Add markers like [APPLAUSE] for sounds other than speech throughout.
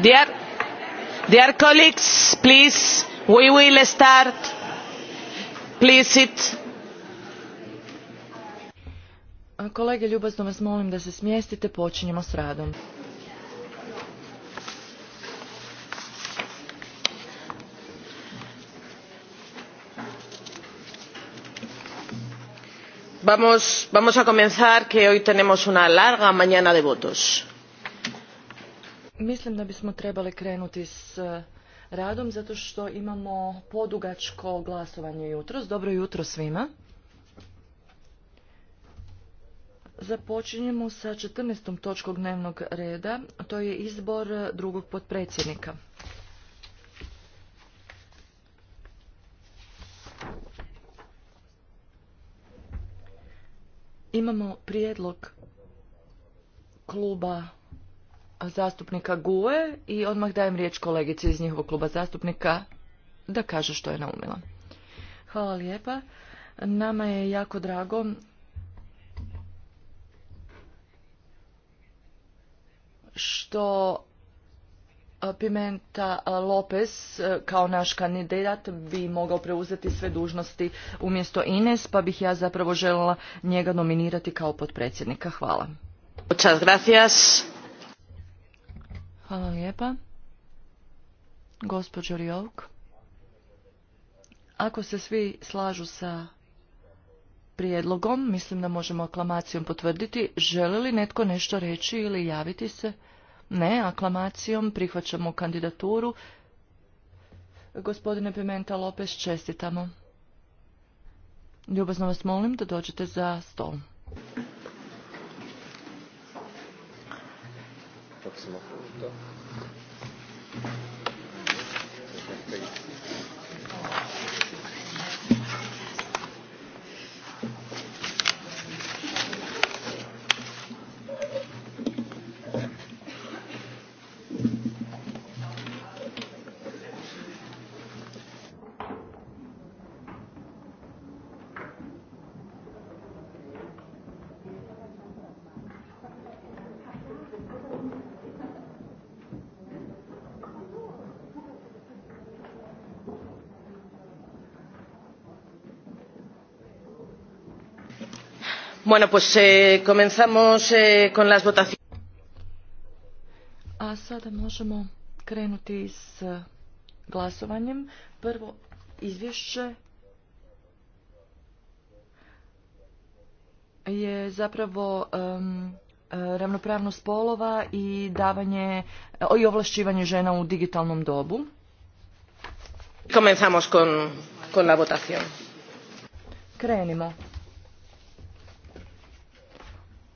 Dear, dear colleagues, please, we will start. Please sit. Kolege, ljubazno vas molim da se smjestite, počinjemo s radom. Vamos, vamos a comenzar, que hoy tenemos una larga mañana de votos. Mislim da bismo trebali krenuti s e, radom zato što imamo podugačko glasovanje jutros. Dobro jutro svima. Započinjemo sa 14. točkog dnevnog reda, to je izbor drugog potpredsjednika. Imamo prijedlog kluba zastupnika Gue i odmah dajem riječ kolegici iz njihovog kluba zastupnika da kaže što je naumila. Hvala lijepa. Nama je jako drago što Pimenta Lopez kao naš kandidat bi mogao preuzeti sve dužnosti umjesto Ines, pa bih ja zapravo željela njega nominirati kao potpredsjednika. Hvala. Muchas Hvala lijepa. Gospođo Rijovk, ako se svi slažu sa prijedlogom, mislim da možemo aklamacijom potvrditi, želi li netko nešto reći ili javiti se? Ne, aklamacijom prihvaćamo kandidaturu. Gospodine Pimenta Lopez, čestitamo. Ljubazno vas molim da dođete za stol. prossimo Bueno, pues eh, comenzamos eh, con las votaciones. A sada možemo krenuti s glasovanjem. Prvo izvješće je zapravo um, ravnopravnost spolova i davanje i ovlašćivanje žena u digitalnom dobu. Comenzamos con, con la votación. Krenimo.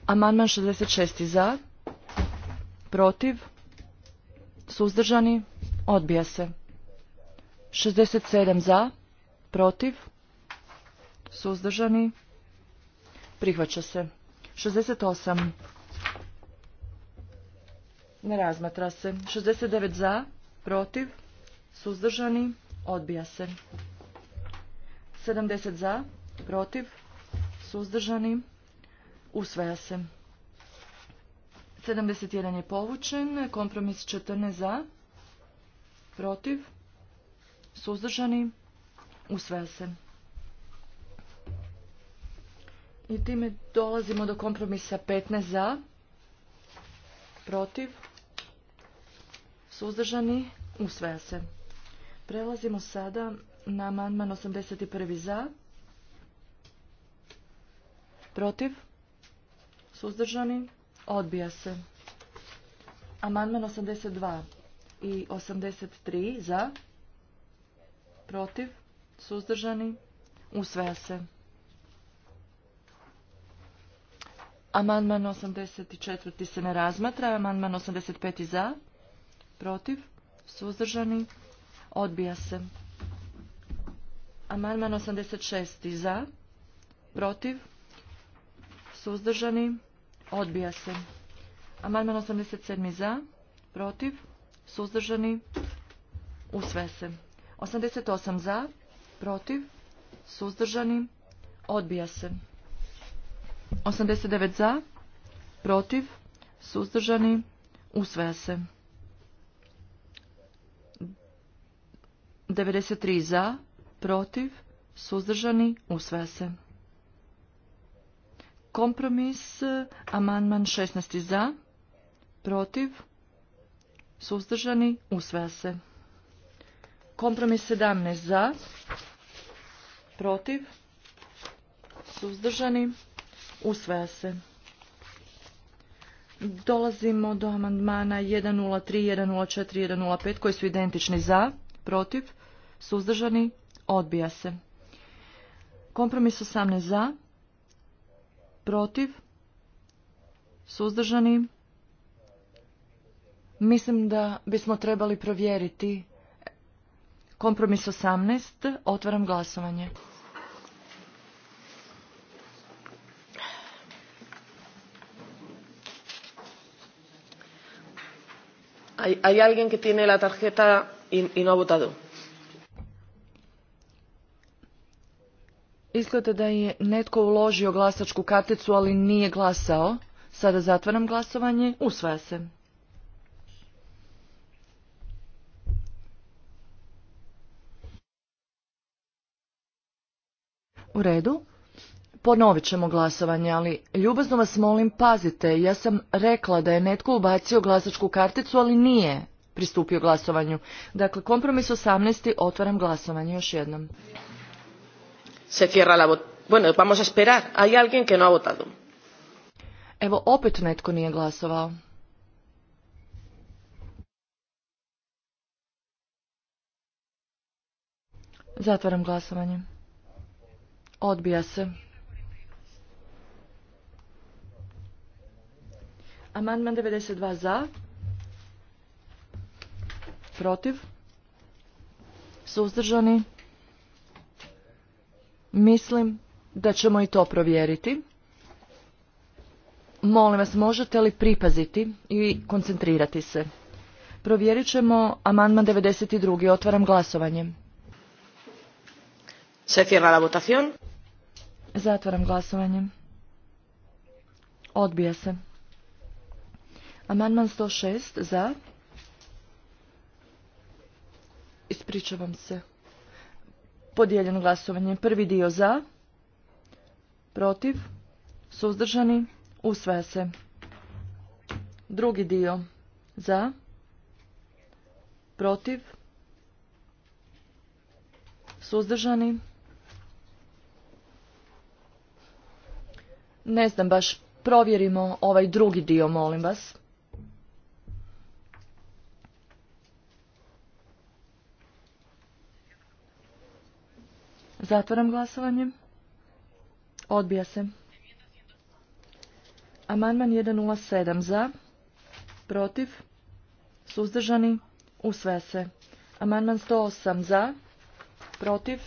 Amandman 66. za, protiv, suzdržani, odbija se. 67 za, protiv, suzdržani, prihvaća se. 68 ne razmatra se. 69 za, protiv, suzdržani, odbija se. 70 za, protiv, suzdržani, Usvaja se. 71 je povučen. Kompromis 14 za. Protiv. Suzdržani. Usvaja se. I time dolazimo do kompromisa 15 za. Protiv. Suzdržani. Usvaja se. Prelazimo sada na manman 81 za. Protiv. Suzdržani? Odbija se. Amandman 82 i 83 za. Protiv? Suzdržani? Usvaja se. Amandman 84. se ne razmatra. Amandman 85. za. Protiv? Suzdržani? Odbija se. Amandman 86. za. Protiv? Suzdržani? Odbija se. Amandman 87. za, protiv, suzdržani, usve se. 88 za, protiv, suzdržani, odbija se. 89 za, protiv, suzdržani, usvaja se. 93 za, protiv, suzdržani, usvaja se. Kompromis, amandman 16. za, protiv, suzdržani, usvaja se. Kompromis 17. za, protiv, suzdržani, usvaja se. Dolazimo do amandmana 103, 104, 105 koji su identični za, protiv, suzdržani, odbija se. Kompromis 18 za, protiv, suzdržani. Mislim da bismo trebali provjeriti kompromis 18. Otvaram glasovanje. Hay, alguien que tiene la tarjeta y no ha votado. Izgleda da je netko uložio glasačku karticu, ali nije glasao. Sada zatvaram glasovanje. Usvaja se. U redu. Ponovit ćemo glasovanje, ali ljubazno vas molim pazite, ja sam rekla da je netko ubacio glasačku karticu, ali nije pristupio glasovanju. Dakle, kompromis 18. otvaram glasovanje još jednom se cierra la bueno vamos a esperar hay alguien que no ha votado evo opet netko nije glasovao zatvaram glasovanje odbija se amandman 92 za protiv suzdržani Mislim da ćemo i to provjeriti. Molim vas, možete li pripaziti i koncentrirati se? Provjerit ćemo amandman 92. Otvaram glasovanje. Se cierra la votación. Zatvaram glasovanje. Odbija se. Amandman 106 za. Ispričavam se. Podijeljeno glasovanje. Prvi dio za, protiv, suzdržani, usvaja se. Drugi dio za, protiv, suzdržani. Ne znam baš, provjerimo ovaj drugi dio, molim vas. Zatvoram glasovanje. Odbija se. Amandman 107 za, protiv, suzdržani, usvaja se. Amandman 108 za, protiv,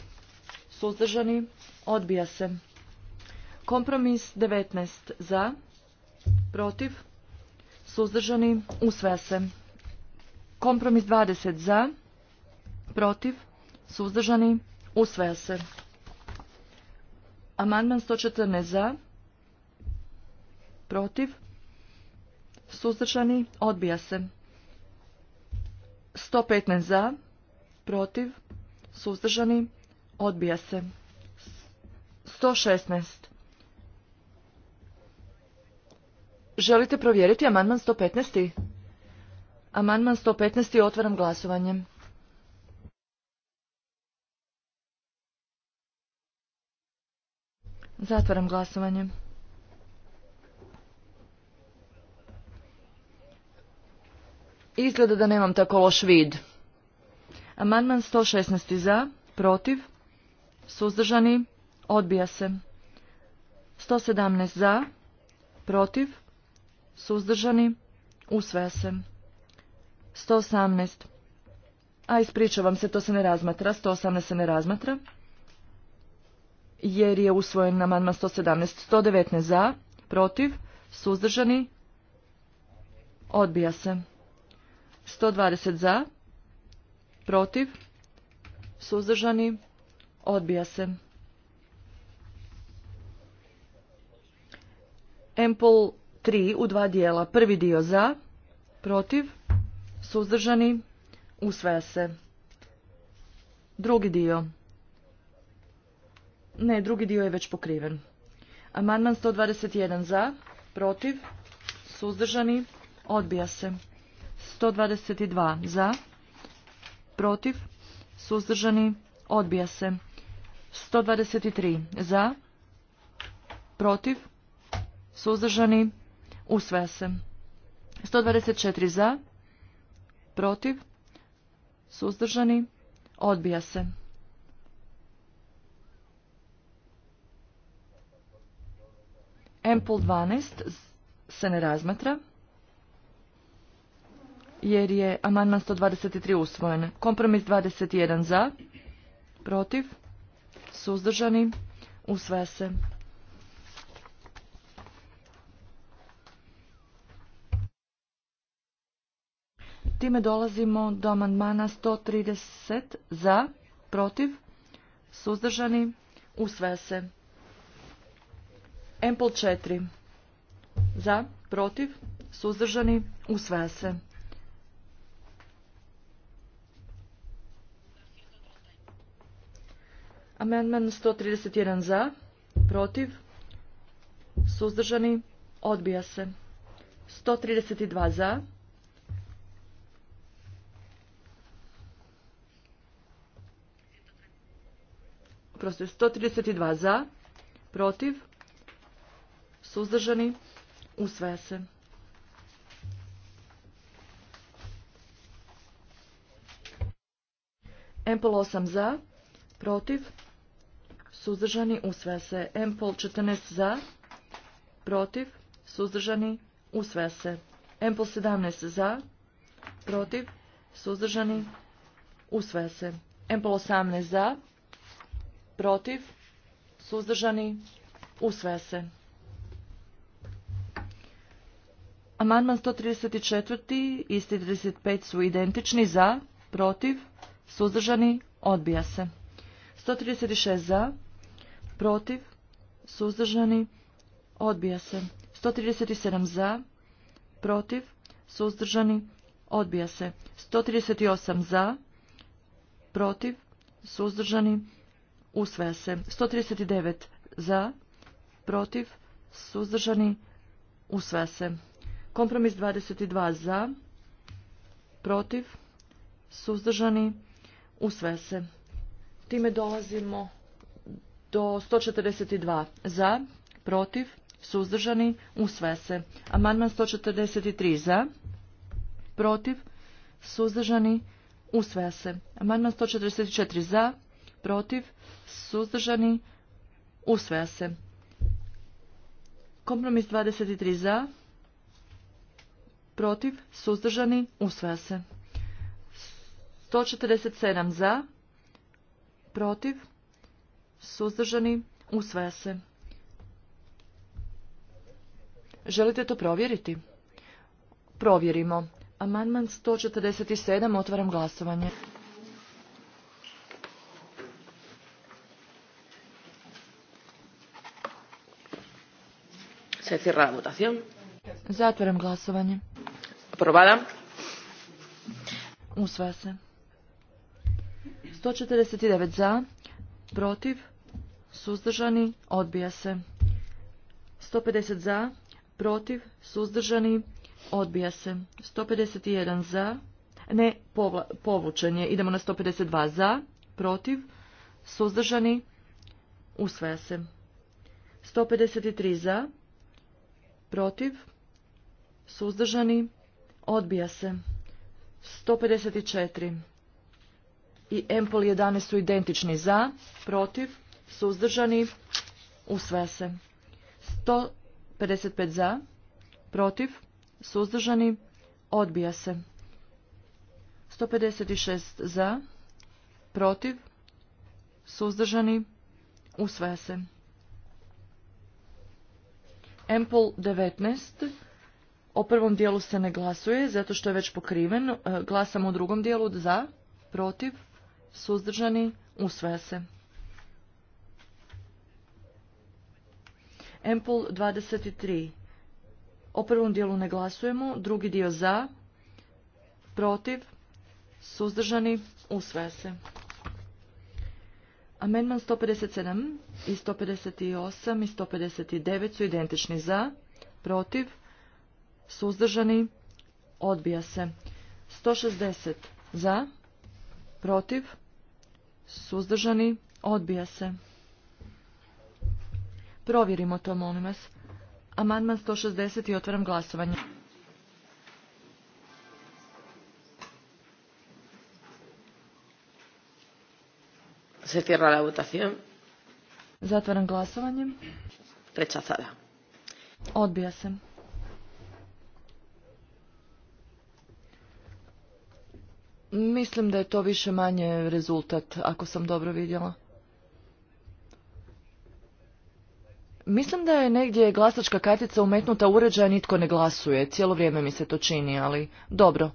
suzdržani, odbija se. Kompromis 19 za, protiv, suzdržani, usvaja se. Kompromis 20 za, protiv, suzdržani, Usvaja se. Amandman 114 za. Protiv. Suzdržani. Odbija se. 115 za. Protiv. Suzdržani. Odbija se. 116. Želite provjeriti amandman 115? Amandman 115. Otvaram glasovanjem. Zatvaram glasovanje. Izgleda da nemam tako loš vid. Amandman 116. za, protiv, suzdržani, odbija se. 117 za, protiv, suzdržani, usvaja se. 118. A ispričavam se, to se ne razmatra. 118 se ne razmatra jer je usvojen amandman 117. 119 za, protiv, suzdržani, odbija se. 120 za, protiv, suzdržani, odbija se. Empol 3 u dva dijela. Prvi dio za, protiv, suzdržani, usvaja se. Drugi dio ne, drugi dio je već pokriven. Amandman 121 za, protiv, suzdržani, odbija se. 122 za, protiv, suzdržani, odbija se. 123 za, protiv, suzdržani, usvaja se. 124 za, protiv, suzdržani, odbija se. Empul 12 se ne razmatra jer je amandman 123 usvojen. Kompromis 21 za, protiv, suzdržani, usvaja se. Time dolazimo do amandmana 130 za, protiv, suzdržani, usvaja se. Empol 4. Za, protiv, suzdržani, usvaja se. Amendment 131 za, protiv, suzdržani, odbija se. 132 za, Proste, 132 za, protiv, suzdržani, usvaja se. Empol 8 za, protiv, suzdržani, usvaja se. Empol 14 za, protiv, suzdržani, usvaja se. Empol 17 za, protiv, suzdržani, usvaja se. Empol 18 za, protiv, suzdržani, usvaja se. Amandman 134. i 35 su identični za, protiv, suzdržani, odbija se. 136 za, protiv, suzdržani, odbija se. 137 za, protiv, suzdržani, odbija se. 138 za, protiv, suzdržani, usvaja se. 139 za, protiv, suzdržani, usvaja se. Kompromis 22 za, protiv, suzdržani, usvaja se. Time dolazimo do 142 za, protiv, suzdržani, usvaja se. Amandman 143 za, protiv, suzdržani, usvaja se. Amandman 144 za, protiv, suzdržani, usvaja se. Kompromis 23 za, protiv, suzdržani, usvaja se. 147 za, protiv, suzdržani, usvaja se. Želite to provjeriti? Provjerimo. Amandman 147, otvaram glasovanje. Se Zatvaram glasovanje aprobada. Usvaja se. 149 za, protiv, suzdržani, odbija se. 150 za, protiv, suzdržani, odbija se. 151 za, ne, povla, povučen je. Idemo na 152 za, protiv, suzdržani, usvaja se. 153 za, protiv, suzdržani, Odbija se. 154 i MPOL 11 su identični za, protiv, suzdržani, usvaja se. 155 za, protiv, suzdržani, odbija se. 156 za, protiv, suzdržani, usvaja se. Empol 19 o prvom dijelu se ne glasuje, zato što je već pokriven. E, glasamo u drugom dijelu za, protiv, suzdržani, usvaja se. Empul 23. O prvom dijelu ne glasujemo, drugi dio za, protiv, suzdržani, usvaja se. Amendman 157 i 158 i 159 su identični za, protiv, suzdržani, odbija se. 160 za, protiv, suzdržani, odbija se. Provjerimo to, molim vas. Amandman 160 i otvaram glasovanje. Se cierra la votación. Zatvaram glasovanje. Odbija se. Mislim da je to više manje rezultat, ako sam dobro vidjela. Mislim da je negdje glasačka kartica umetnuta uređaja, nitko ne glasuje. Cijelo vrijeme mi se to čini, ali dobro.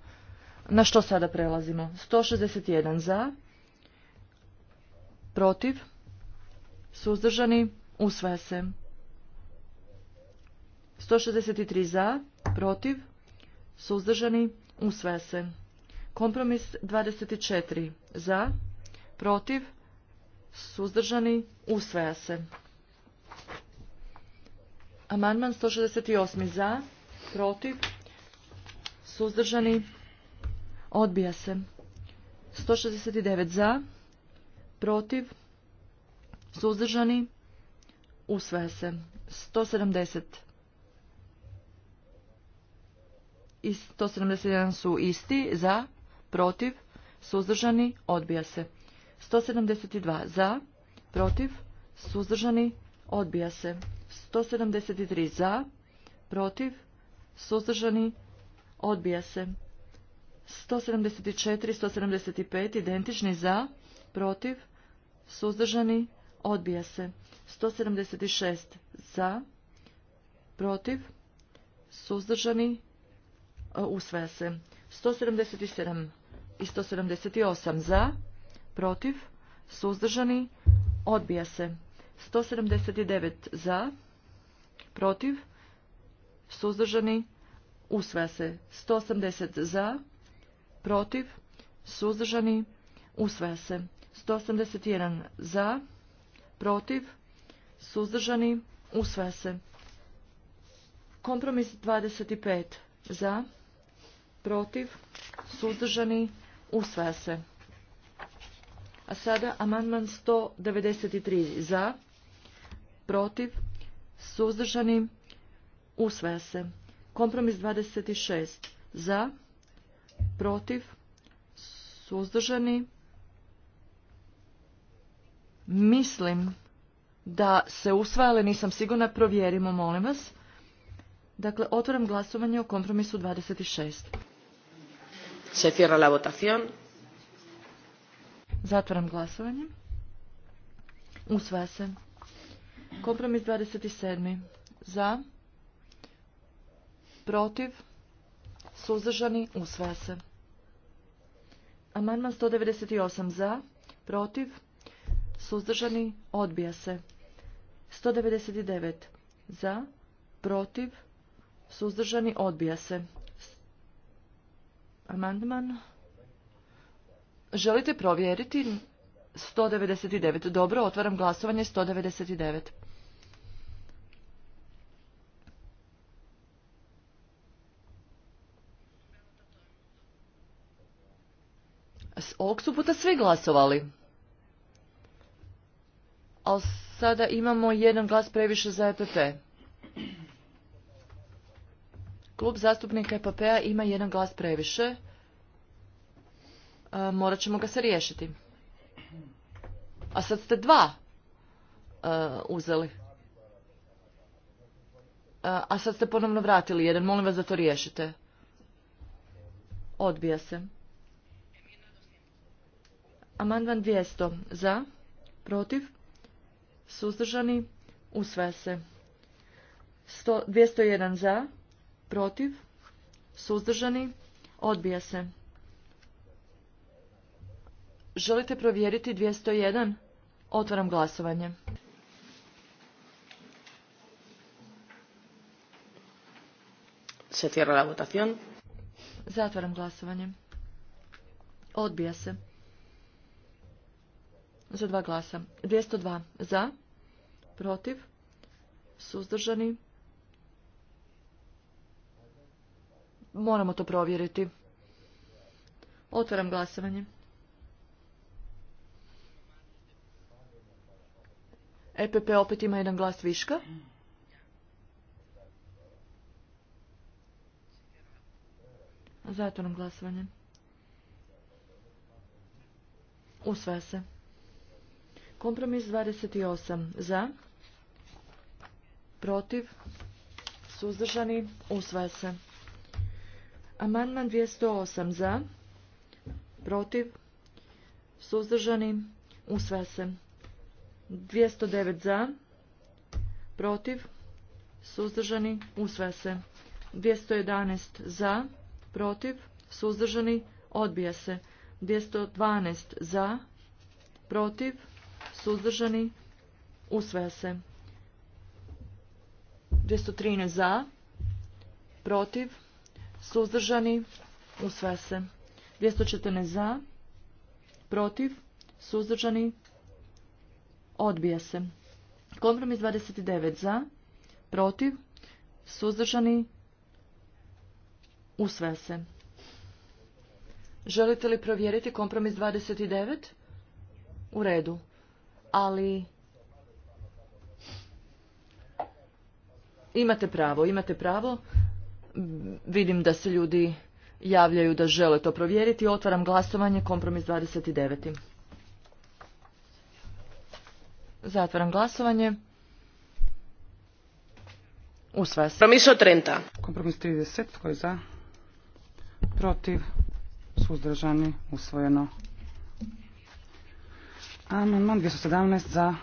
Na što sada prelazimo? 161 za, protiv, suzdržani, usvaja se. 163 za, protiv, suzdržani, usvaja se. Kompromis 24. Za, protiv, suzdržani, usvaja se. Amandman 168. Za, protiv, suzdržani, odbija se. 169. Za, protiv, suzdržani, usvaja se. 170. I 171 su isti, za, protiv, suzdržani, odbija se. 172 za, protiv, suzdržani, odbija se. 173 za, protiv, suzdržani, odbija se. 174, 175 identični za, protiv, suzdržani, odbija se. 176 za, protiv, suzdržani, e, usvaja se. 177 i 178 za, protiv, suzdržani, odbija se. 179 za, protiv, suzdržani, usvaja se. 180 za, protiv, suzdržani, usvaja se. 181 za, protiv, suzdržani, usvaja se. Kompromis 25 za, protiv, suzdržani, usvaja se. A sada amandman 193 za, protiv, suzdržani, usvaja se. Kompromis 26 za, protiv, suzdržani, mislim da se usvaja, ali nisam sigurna, provjerimo, molim vas. Dakle, otvaram glasovanje o kompromisu 26. Se cierra la votación. Zatvaram glasovanje. Usvaja se. Kompromis 27. Za. Protiv. Suzdržani. Usvaja se. Amandman 198. Za. Protiv. Suzdržani. Odbija se. 199. Za. Protiv. Suzdržani. Odbija se amandman. Želite provjeriti 199? Dobro, otvaram glasovanje 199. Ovog su puta svi glasovali. Ali sada imamo jedan glas previše za EPP. Klub zastupnika EPP-a ima jedan glas previše. E, morat ćemo ga se riješiti. A sad ste dva e, uzeli. E, a sad ste ponovno vratili jedan. Molim vas da to riješite. Odbija se. Amandman 200. Za. Protiv. Suzdržani. usve se. 100, 201 za protiv, suzdržani, odbija se. Želite provjeriti 201? Otvaram glasovanje. Se Zatvaram glasovanje. Odbija se. Za dva glasa. 202 za, protiv, suzdržani, Moramo to provjeriti. Otvaram glasovanje. EPP opet ima jedan glas viška. Zatvaram glasovanje. Usvaja se. Kompromis 28. Za. Protiv. Suzdržani. Usvaja se. Amandman 208 za, protiv, suzdržani, usve se. 209 za, protiv, suzdržani, usve se. 211 za, protiv, suzdržani, odbija se. 212 za, protiv, suzdržani, usve se. 213 za, protiv, suzdržani, usvaja se. 214 za, protiv, suzdržani, odbija se. Kompromis 29 za, protiv, suzdržani, usvaja se. Želite li provjeriti kompromis 29? U redu. Ali... Imate pravo, imate pravo. Vidim da se ljudi javljaju da žele to provjeriti. Otvaram glasovanje. Kompromis 29. Zatvaram glasovanje. Usvaja se. Kompromis 30. Kompromis 30. Tko je za? Protiv? Suzdržani? Usvojeno. Amandman 217 za?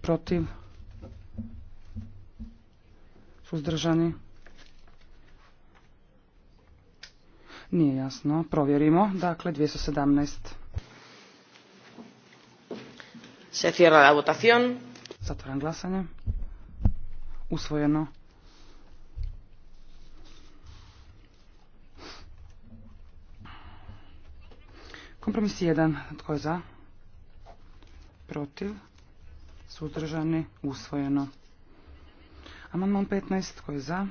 Protiv? Suzdržani? Nije jasno. Provjerimo. Dakle, 217. Se cierra la votación. Zatvoran glasanje. Usvojeno. Kompromis 1. Tko je za? Protiv? Suzdržani? Usvojeno. Amandman 15. Tko je za?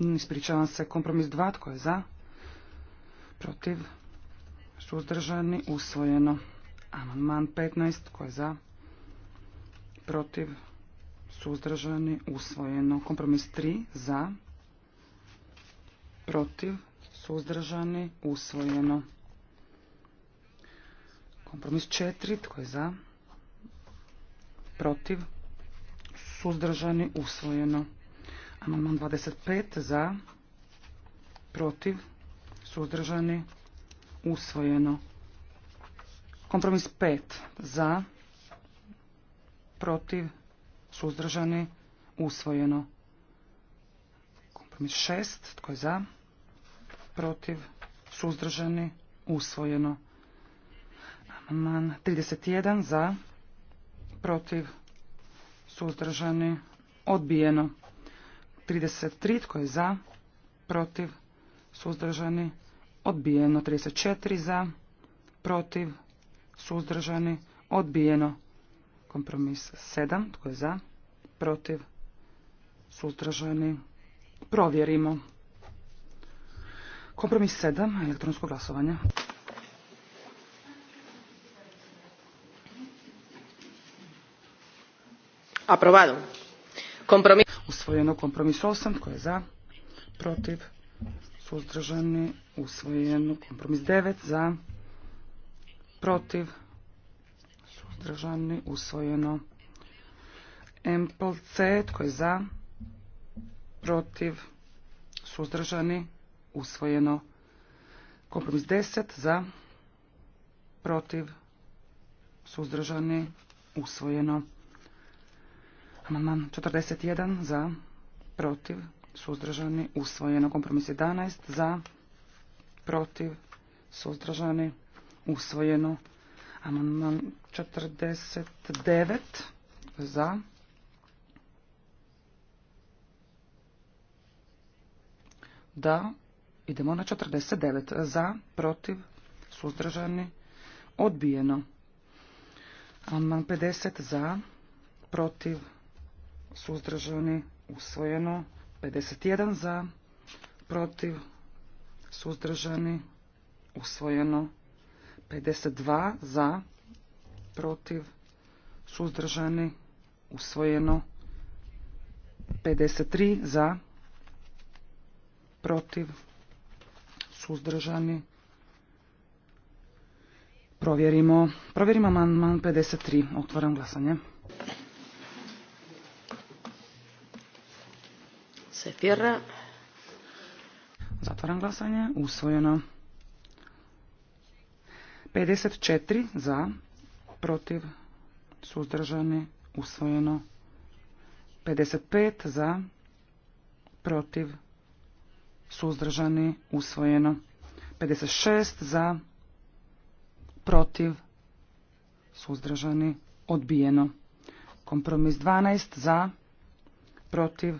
Ispričavam se. Kompromis 2. Tko je za? Protiv? Suzdržani? Usvojeno. Amandman 15. Tko je za? Protiv? Suzdržani? Usvojeno. Kompromis 3. Za? Protiv? Suzdržani? Usvojeno. Kompromis četiri, Tko je za? Protiv? Suzdržani? Usvojeno. Amandman 25. Za? Protiv? Suzdržani? Usvojeno. Kompromis pet, Za? Protiv? Suzdržani? Usvojeno. Kompromis šest, Tko je za? Protiv? Suzdržani? Usvojeno. Amandman 31 za, protiv, suzdržani, odbijeno. 33 tko je za, protiv, suzdržani, odbijeno. 34 za, protiv, suzdržani, odbijeno. Kompromis 7 tko je za, protiv, suzdržani, provjerimo. Kompromis 7, elektronsko glasovanje. aprobado. Kompromis... Usvojeno kompromis osam Tko je za? Protiv? Suzdržani? Usvojeno kompromis devet Za? Protiv? Suzdržani? Usvojeno. mplc Tko je za? Protiv? Suzdržani? Usvojeno. Kompromis deset Za? Protiv? Suzdržani? Usvojeno. Amandman 41 za, protiv, suzdržani, usvojeno. Kompromis 11 za, protiv, suzdržani, usvojeno. Amandman 49 za, da, idemo na 49 za, protiv, suzdržani, odbijeno. Amandman 50 za, protiv, suzdržani, usvojeno. 51 za, protiv, suzdržani, usvojeno. 52 za, protiv, suzdržani, usvojeno. 53 za, protiv, suzdržani. Provjerimo, provjerimo amandman 53. Otvaram glasanje. Se Zatvaram glasanje. Usvojeno. 54 za, protiv, suzdržani, usvojeno. 55 za, protiv, suzdržani, usvojeno. 56 za, protiv, suzdržani, odbijeno. Kompromis 12 za, protiv,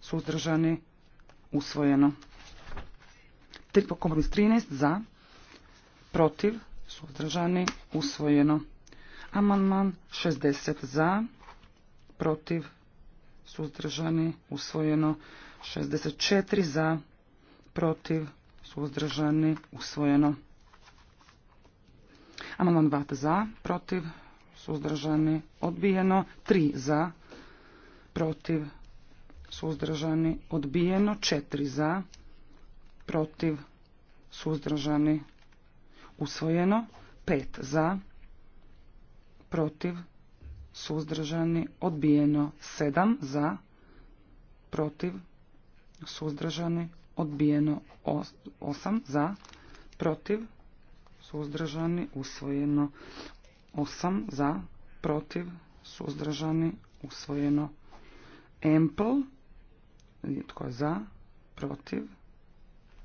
suzdržani, usvojeno. Kompromis 13 za, protiv, suzdržani, usvojeno. Amandman 60 za, protiv, suzdržani, usvojeno. 64 za, protiv, suzdržani, usvojeno. Amandman 2 za, protiv, suzdržani, odbijeno. 3 za, protiv, suzdržani, odbijeno, četiri za, protiv, suzdržani, usvojeno, pet za, protiv, suzdržani, odbijeno, 7 za, protiv, suzdržani, odbijeno, osam za, protiv, suzdržani, usvojeno, osam za, protiv, suzdržani, usvojeno, Ample tko je za? Protiv?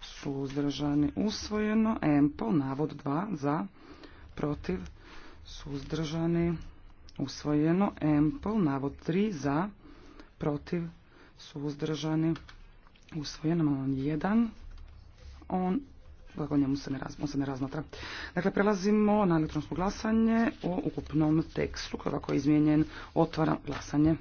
Suzdržani? Usvojeno. Empol, navod 2. Za? Protiv? Suzdržani? Usvojeno. Empol, navod 3. Za? Protiv? Suzdržani? Usvojeno. Imamo 1. On dakle, njemu se ne, se ne razmatra. Dakle, prelazimo na elektronsko glasanje o ukupnom tekstu, kako je izmijenjen, otvaram glasanje.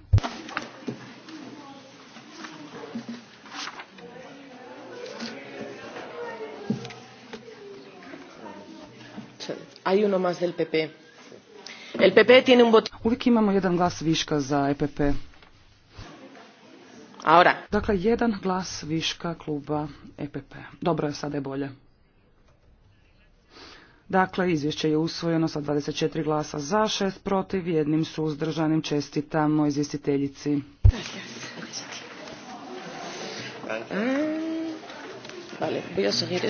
Hay Uvijek imamo jedan glas viška za EPP. Dakle, jedan glas viška kluba EPP. Dobro je, sada je bolje. Dakle, izvješće je usvojeno sa 24 glasa za, šest protiv, jednim suzdržanim čestitamo izvjestiteljici. Ah, vale, voy seguir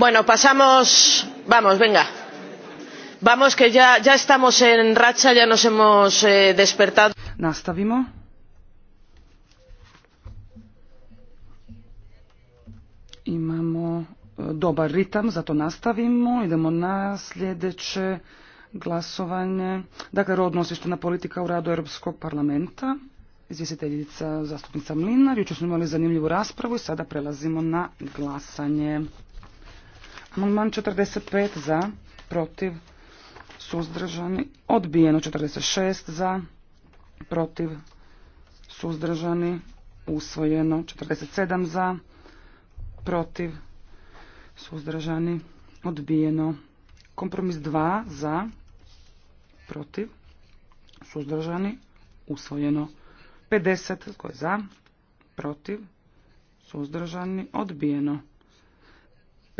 Bueno, pasamos, vamos, venga, vamos que ya, ya estamos en racha, ya nos hemos eh, despertado. Nastavimo. Imamo e, dobar ritam, zato nastavimo. Idemo na sljedeće glasovanje. Dakle, rodno na politika u radu Europskog parlamenta. Izvjestiteljica zastupnica Mlinar. Jučer smo imali zanimljivu raspravu i sada prelazimo na glasanje. Amandman 45 za, protiv, suzdržani, odbijeno 46 za, protiv, suzdržani, usvojeno 47 za, protiv, suzdržani, odbijeno. Kompromis 2 za, protiv, suzdržani, usvojeno 50 za, protiv, suzdržani, odbijeno.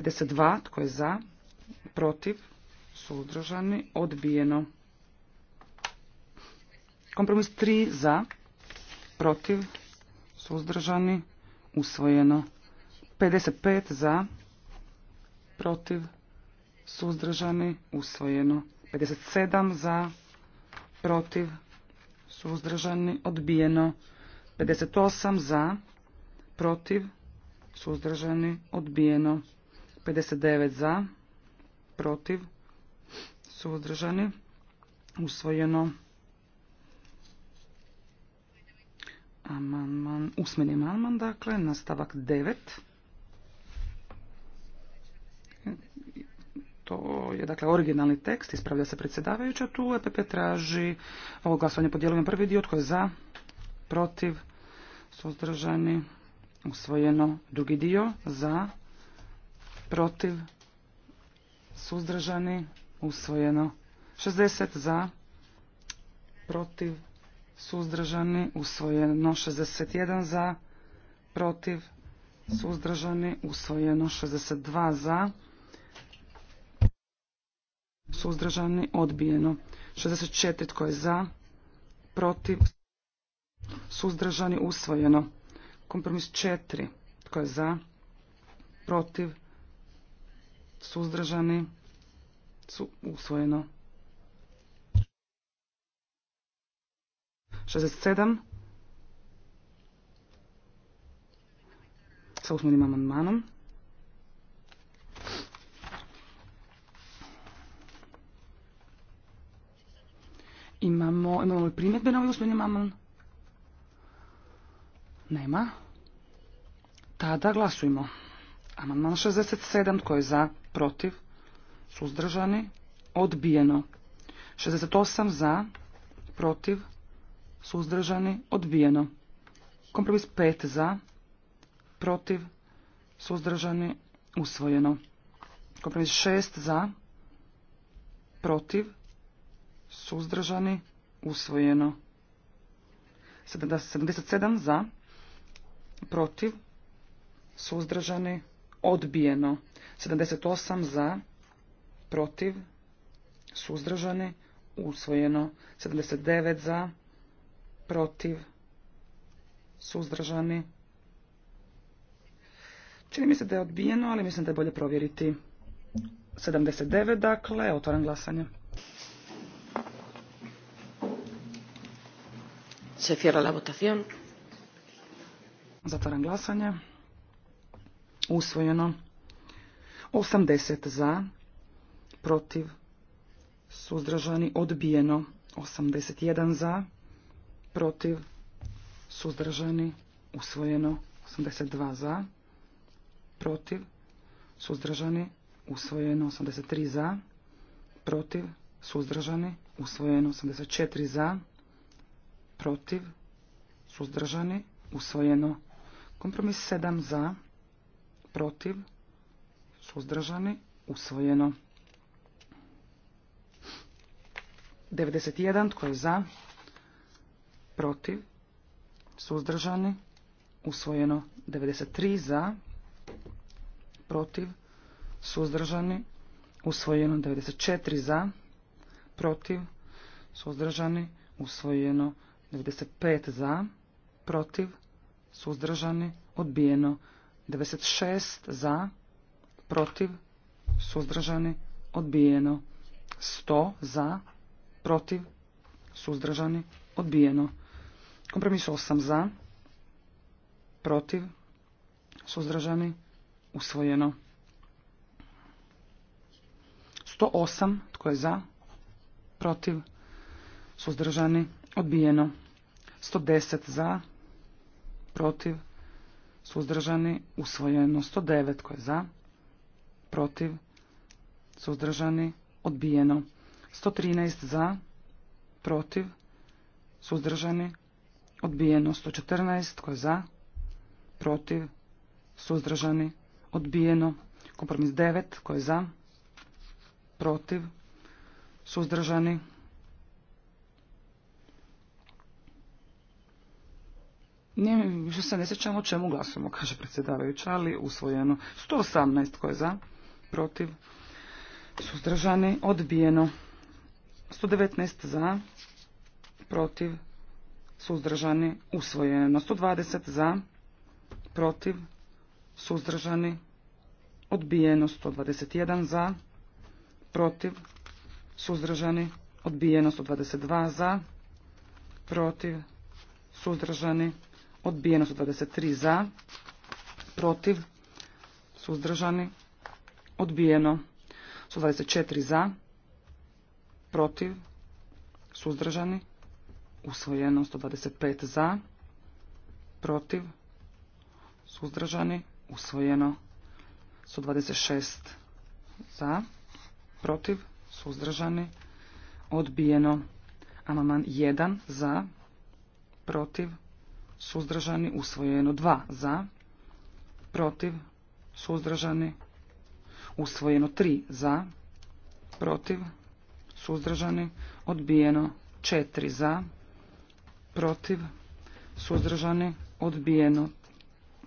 52. Tko je za? Protiv? Suzdržani? Odbijeno. Kompromis 3. Za? Protiv? Suzdržani? Usvojeno. 55. Za? Protiv? Suzdržani? Usvojeno. 57. Za? Protiv? Suzdržani? Odbijeno. 58. Za? Protiv? Suzdržani? Odbijeno. 59 za, protiv, suzdržani, usvojeno. usmeni amandman, dakle, na stavak 9. To je, dakle, originalni tekst, ispravlja se predsjedavajuća tu, EPP traži ovo glasovanje podijelujem prvi dio, tko je za, protiv, suzdržani, usvojeno, drugi dio, za, protiv, suzdržani, usvojeno. 60 za, protiv, suzdržani, usvojeno. 61 za, protiv, suzdržani, usvojeno. 62 za, suzdržani, odbijeno. 64 tko je za, protiv, suzdržani, usvojeno. Kompromis 4 tko je za, protiv, suzdržani su usvojeno. 67 sa usmenim amandmanom. Imamo, imamo li primjetbe na ovaj usmeni amandman? Nema. Tada glasujemo. Amandman 67, tko je za? protiv, suzdržani, odbijeno. 68 za, protiv, suzdržani, odbijeno. Kompromis 5 za, protiv, suzdržani, usvojeno. Kompromis 6 za, protiv, suzdržani, usvojeno. 77 za, protiv, suzdržani, odbijeno. 78 za, protiv, suzdržani, usvojeno. 79 za, protiv, suzdržani. Čini mi se da je odbijeno, ali mislim da je bolje provjeriti. 79, dakle, otvoran glasanje. Se cierra la votación. Zatvaram glasanje. Usvojeno. 80 za, protiv, suzdržani, odbijeno. 81 za, protiv, suzdržani, usvojeno. 82 za, protiv, suzdržani, usvojeno. 83 za, protiv, suzdržani, usvojeno. 84 za, protiv, suzdržani, usvojeno. Kompromis 7 za, protiv, suzdržani, usvojeno. 91, tko je za, protiv, suzdržani, usvojeno. 93 za, protiv, suzdržani, usvojeno. 94 za, protiv, suzdržani, usvojeno. 95 za, protiv, suzdržani, odbijeno. 96 za, protiv, suzdržani, odbijeno. 100 za, protiv, suzdržani, odbijeno. Kompromis 8 za, protiv, suzdržani, usvojeno. 108, tko je za, protiv, suzdržani, odbijeno. 110 za, protiv, suzdržani, usvojeno. 109 tko je za, protiv, suzdržani, odbijeno. 113 za, protiv, suzdržani, odbijeno. 114 tko za, protiv, suzdržani, odbijeno. Kompromis 9 tko je za, protiv, suzdržani, Nije, više se ne sjećamo o čemu glasujemo, kaže predsjedavajuća, ali usvojeno. 118 tko je za? protiv, suzdržani, odbijeno. 119 za, protiv, suzdržani, usvojeno. 120 za, protiv, suzdržani, odbijeno. 121 za, protiv, suzdržani, odbijeno. 122 za, protiv, suzdržani, odbijeno. 123 za, protiv, suzdržani, odbijeno. 124 za, protiv, suzdržani, usvojeno. 125 za, protiv, suzdržani, usvojeno. 126 za, protiv, suzdržani, odbijeno. Amaman 1 za, protiv, suzdržani, usvojeno. 2 za, protiv, suzdržani, usvojeno 3 za, protiv, suzdržani, odbijeno četiri za, protiv, suzdržani, odbijeno,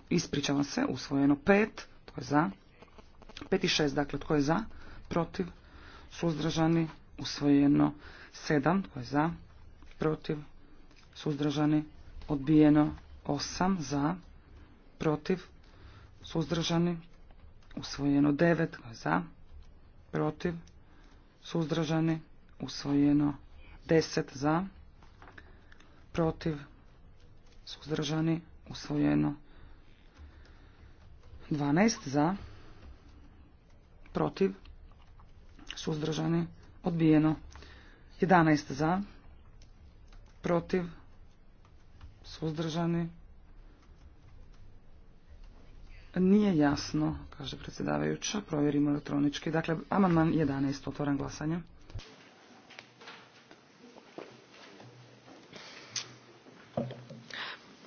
ispričavam se, usvojeno 5, tko je za, 5 i 6, dakle tko je za, protiv, suzdržani, usvojeno 7, tko je za, protiv, suzdržani, odbijeno osam, za, protiv, suzdržani, usvojeno 9 za, protiv, suzdržani, usvojeno 10 za, protiv, suzdržani, usvojeno 12 za, protiv, suzdržani, odbijeno 11 za, protiv, suzdržani, nije jasno, kaže predsjedavajuća, provjerimo elektronički. Dakle, amandman 11, otvoran glasanje.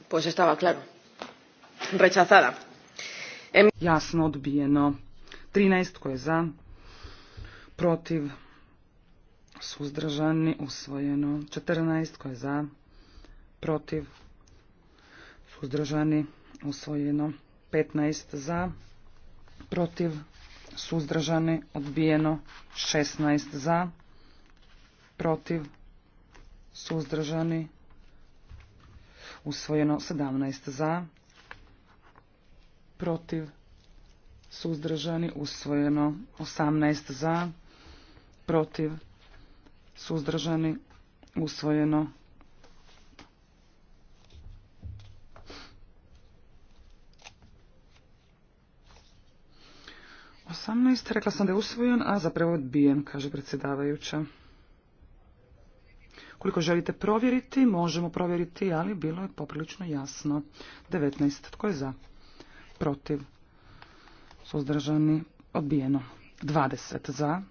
Pues estaba claro. Rechazada. Em... Jasno odbijeno. 13 tko je za, protiv, suzdržani, usvojeno. 14 tko je za, protiv, suzdržani, usvojeno. 15 za, protiv, suzdržani, odbijeno 16 za, protiv, suzdržani, usvojeno 17 za, protiv, suzdržani, usvojeno 18 za, protiv, suzdržani, usvojeno 18. Rekla sam da je usvojen, a zapravo odbijen, kaže predsjedavajuća. Koliko želite provjeriti, možemo provjeriti, ali bilo je poprilično jasno. 19. Tko je za? Protiv. Suzdržani. Odbijeno. 20. Za.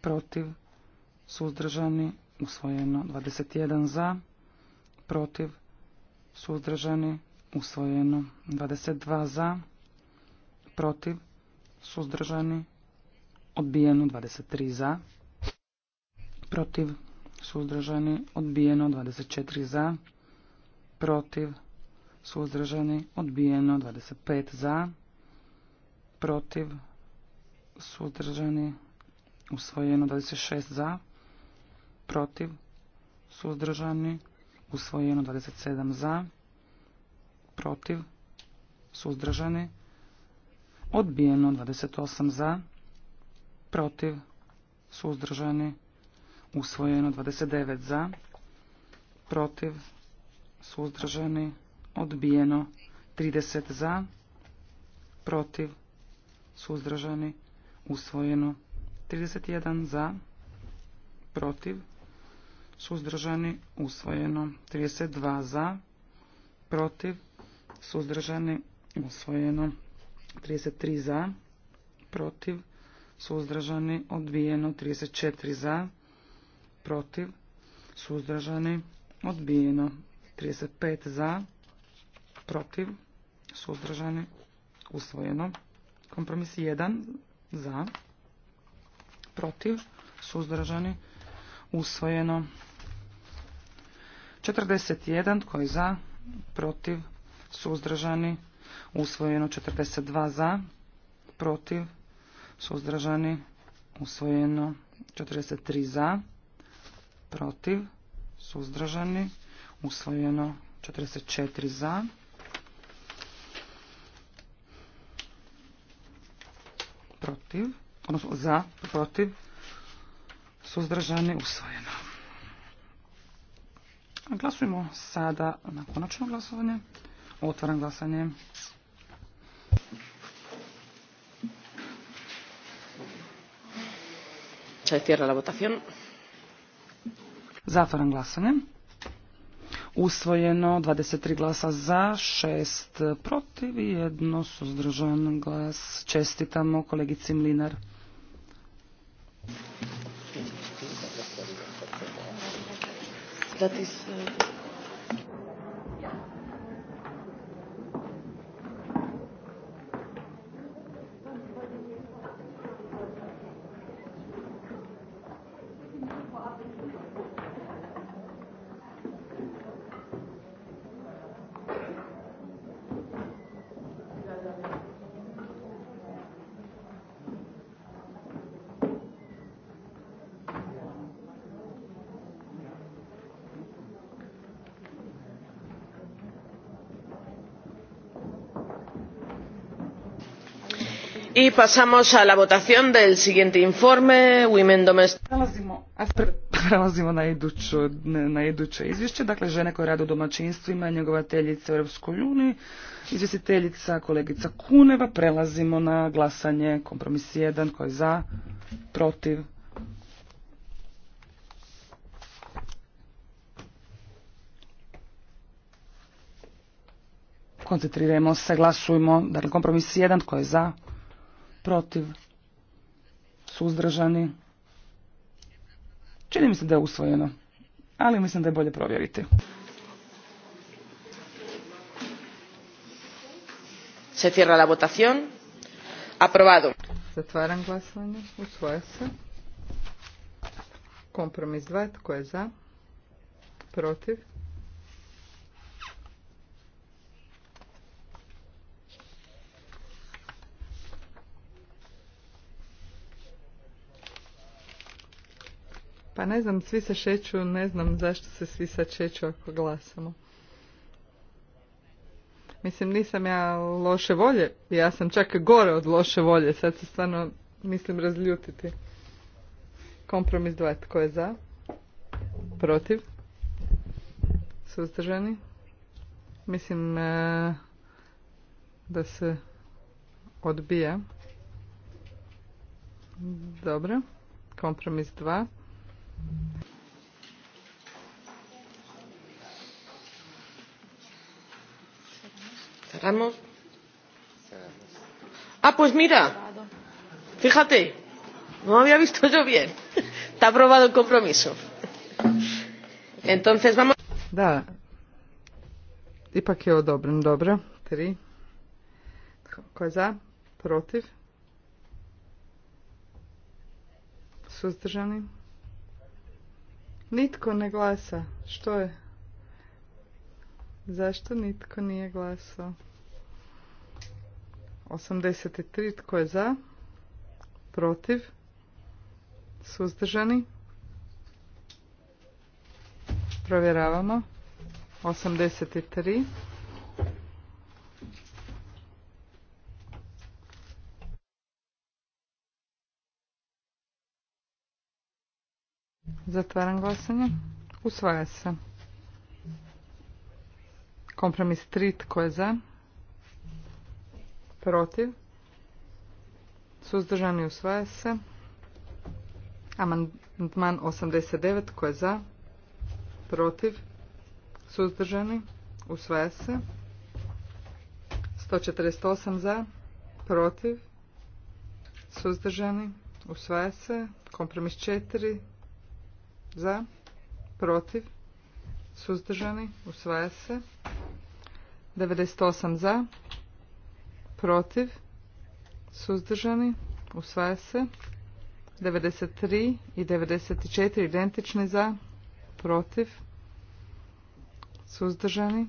Protiv. Suzdržani. Usvojeno. 21. Za. Protiv. Suzdržani. Usvojeno. 22. Za. Protiv suzdržani, odbijeno 23 za, protiv, suzdržani, odbijeno 24 za, protiv, suzdržani, odbijeno 25 za, protiv, suzdržani, usvojeno 26 za, protiv, suzdržani, usvojeno 27 za, protiv, suzdržani, Odbijeno 28 za, protiv, suzdržani, usvojeno 29 za, protiv, suzdržani, odbijeno 30 za, protiv, suzdržani, usvojeno 31 za, protiv, suzdržani, usvojeno 32 za, protiv, suzdržani, usvojeno 33 za, protiv, suzdržani, odbijeno. 34 za, protiv, suzdržani, odbijeno. 35 za, protiv, suzdržani, usvojeno. Kompromis 1 za, protiv, suzdržani, usvojeno. 41 tko je za, protiv, suzdržani, usvojeno usvojeno 42 za, protiv, suzdržani, usvojeno 43 za, protiv, suzdržani, usvojeno 44 za. Protiv, odnosno za, protiv, suzdržani, usvojeno. Glasujemo sada na konačno glasovanje. Otvaram glasanje. Se glasanje. Usvojeno 23 glasa za, 6 protiv i jedno suzdržan glas. Čestitamo kolegici Mlinar. I pasamos a la votación del siguiente informe Women [LAUGHS] Prelazimo, na, iduću, na iduće izvješće, dakle žene koje rade u domaćinstvima, njegovateljice u Europskoj uniji, izvjestiteljica kolegica Kuneva, prelazimo na glasanje kompromis 1 koji je za, protiv, koncentrirajmo se, glasujmo. Dakle, kompromis 1, tko je za, protiv, suzdržani. Čini mi se da je usvojeno, ali mislim da je bolje provjeriti. Se cierra la votación. Aprobado. Zatvaram glasovanje. Usvoja se. Kompromis 2. Tko je za? Protiv? Pa ne znam, svi se šeću, ne znam zašto se svi sad šeću ako glasamo. Mislim, nisam ja loše volje, ja sam čak gore od loše volje, sad se stvarno mislim razljutiti. Kompromis dva, tko je za? Protiv? Suzdržani? Mislim e, da se odbija. Dobro, kompromis dva... Cerramos. Ah, pues mira, fíjate, no había visto yo bien. Está aprobado el compromiso. Entonces vamos. Da, ipak je odobren, dobro. Tri. Ko je za? Protiv? Suzdržani? Nitko ne glasa. Što je? Zašto nitko nije glasao? 83. Tko je za? Protiv? Suzdržani? Provjeravamo. 83. Zatvaram glasanje. Usvaja se. Kompromis 3. Tko je za? Protiv? Suzdržani usvaja se. Amandman 89. Tko je za? Protiv? Suzdržani? Usvaja se. 148 za? Protiv? Suzdržani? Usvaja se. Kompromis 4 za, protiv, suzdržani, usvaja se. 98 za, protiv, suzdržani, usvaja se. 93 i 94 identični za, protiv, suzdržani.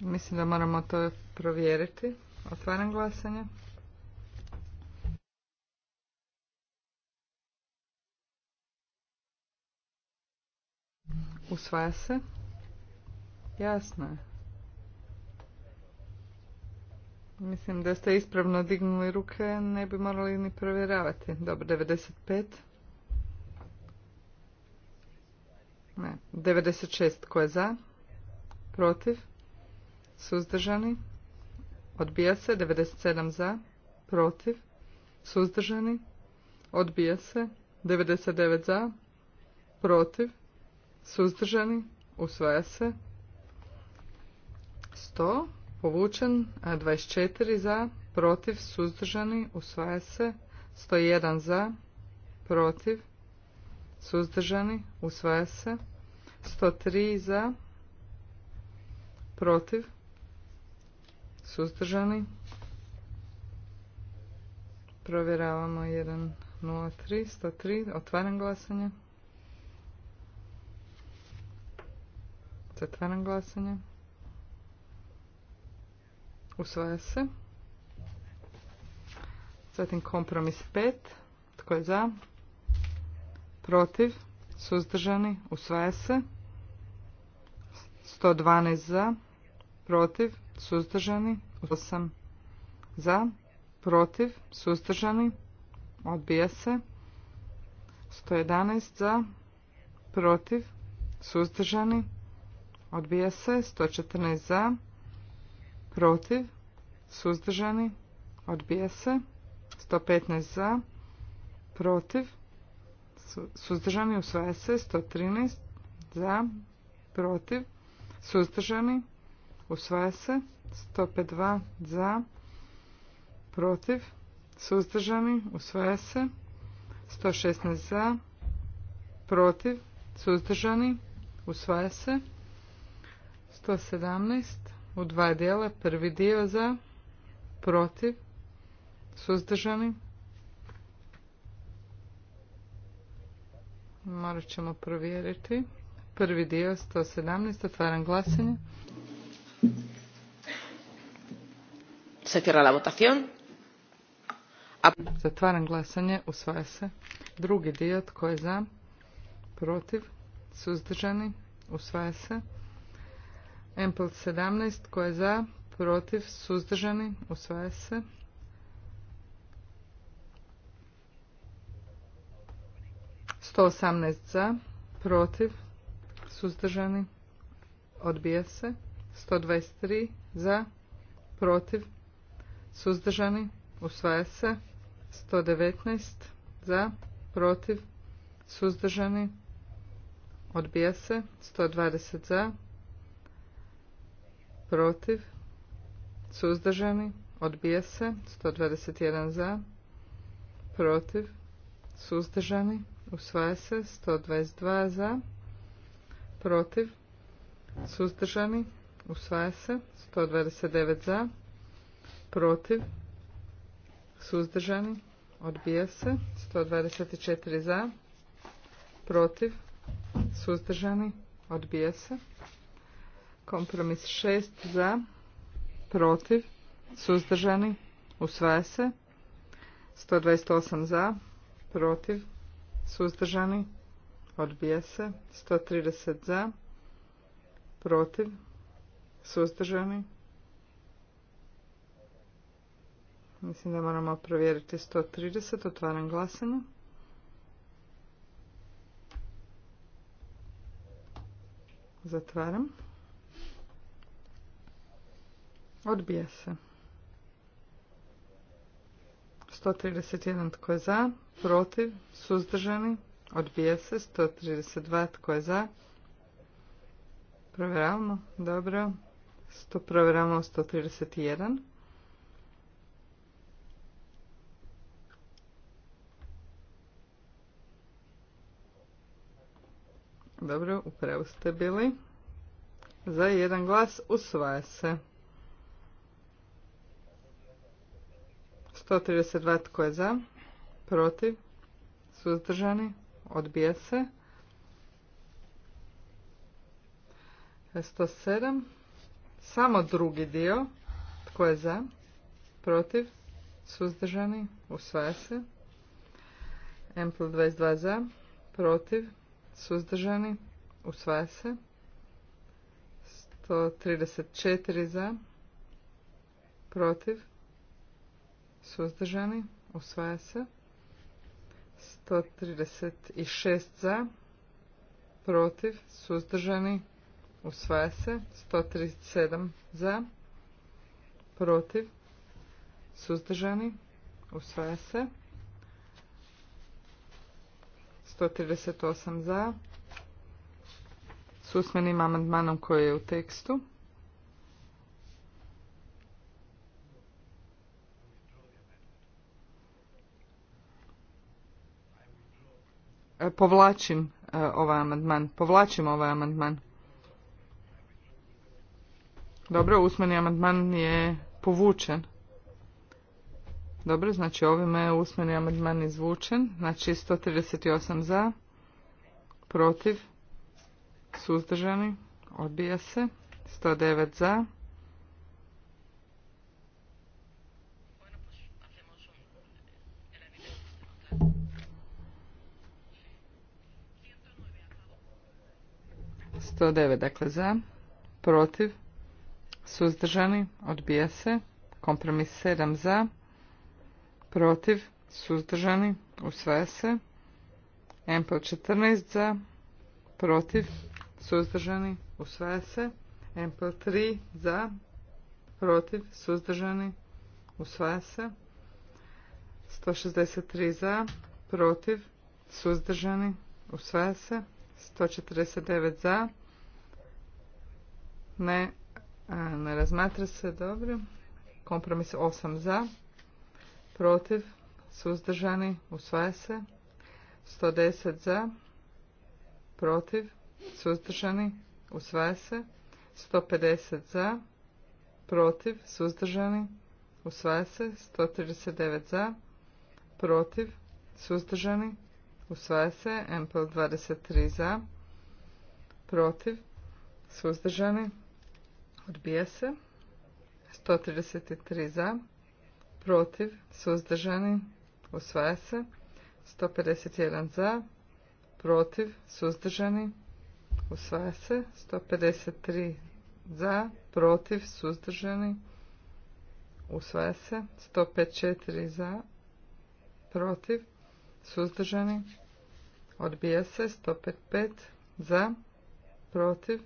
Mislim da moramo to provjeriti. Otvaram glasanje. Usvaja se. Jasno je. Mislim da ste ispravno dignuli ruke, ne bi morali ni provjeravati. Dobro, 95. Ne, 96 ko je za? Protiv? Suzdržani? Odbija se. 97 za? Protiv? Suzdržani? Odbija se. 99 za? Protiv? suzdržani, usvaja se. 100, povučen, 24 za, protiv, suzdržani, usvaja se. 101 za, protiv, suzdržani, usvaja se. 103 za, protiv, suzdržani. Provjeravamo 1, 0, 103, otvaram glasanje. Zatvaram glasanje. Usvaja se. Zatim kompromis 5. Tko je za? Protiv? Suzdržani? Usvaja se. 112 za. Protiv? Suzdržani? 8 za. Protiv? Suzdržani? Odbija se. 111 za. Protiv? Suzdržani? Odbija se. 114 za. Protiv. Suzdržani. Odbija se. 115 za. Protiv. Suzdržani. Usvaja se. 113 za. Protiv. Suzdržani. Usvaja se. 152 za. Protiv. Suzdržani. Usvaja se. 116 za. Protiv. Suzdržani. Usvaja se. 117 u dva dijela. Prvi dio za, protiv, suzdržani. Morat ćemo provjeriti. Prvi dio 117. Otvaram glasanje. Se cierra la votación. Zatvaram glasanje. Usvaja se. Drugi dio. Tko je za? Protiv? Suzdržani? Usvaja se plus 17 tko je za, protiv, suzdržani, usvaja se. Sto osamnaest za, protiv, suzdržani, odbija se. Sto dvadeset tri za, protiv, suzdržani, usvaja se. Sto devetnaest za, protiv, suzdržani, odbija se. Sto dvadeset za, protiv, suzdržani, odbije se, 121 za, protiv, suzdržani, usvaja se, 122 za, protiv, suzdržani, usvaja se, 129 za, protiv, suzdržani, odbija se, 124 za, protiv, suzdržani, odbija se. Kompromis šest za, protiv, suzdržani, usvaja se. 128 za, protiv, suzdržani, odbija se. 130 za, protiv, suzdržani. Mislim da moramo provjeriti 130, otvaram glasanje. Zatvaram. Odbija se. 131 tko je za, protiv, suzdržani, odbija se. 132 tko je za, provjeravamo, dobro. 100, provjeravamo 131. Dobro, upravo ste bili. Za jedan glas usvaja se. 132 tko je za? Protiv? Suzdržani? Odbija se. 107. Samo drugi dio. Tko je za? Protiv? Suzdržani? Usvaja se. MPL 22 za. Protiv? Suzdržani? Usvaja se. 134 za. Protiv? suzdržani, usvaja se. 136 za, protiv, suzdržani, usvaja se. 137 za, protiv, suzdržani, usvaja se. 138 za, s usmenim amandmanom koji je u tekstu. povlačim e, ovaj amandman. Povlačim ovaj amandman. Dobro, usmeni amandman je povučen. Dobro, znači ovime je usmeni amandman izvučen. Znači 138 za, protiv, suzdržani, odbija se. 109 za, 109, dakle za, protiv, suzdržani, odbija se. Kompromis 7 za, protiv, suzdržani, usvaja se. MP 14 za, protiv, suzdržani, usvaja se. MPL 3 za, protiv, suzdržani, usvaja se. 163 za, protiv, suzdržani, usvaja se. 149 za, ne. Ne razmatra se. Dobro. Kompromis 8 za. Protiv. Suzdržani. Usvaja se. 110 za. Protiv. Suzdržani. Usvaja se. 150 za. Protiv. Suzdržani. Usvaja se. 139 za. Protiv. Suzdržani. Usvaja se. MPL 23 za. Protiv. Suzdržani. Odbija se. 133 za. Protiv. Suzdržani. Usvaja se. 151 za. Protiv. Suzdržani. Usvaja se. 153 za. Protiv. Suzdržani. Usvaja se. 154 za. Protiv. Suzdržani. Odbija se. 155 za. Protiv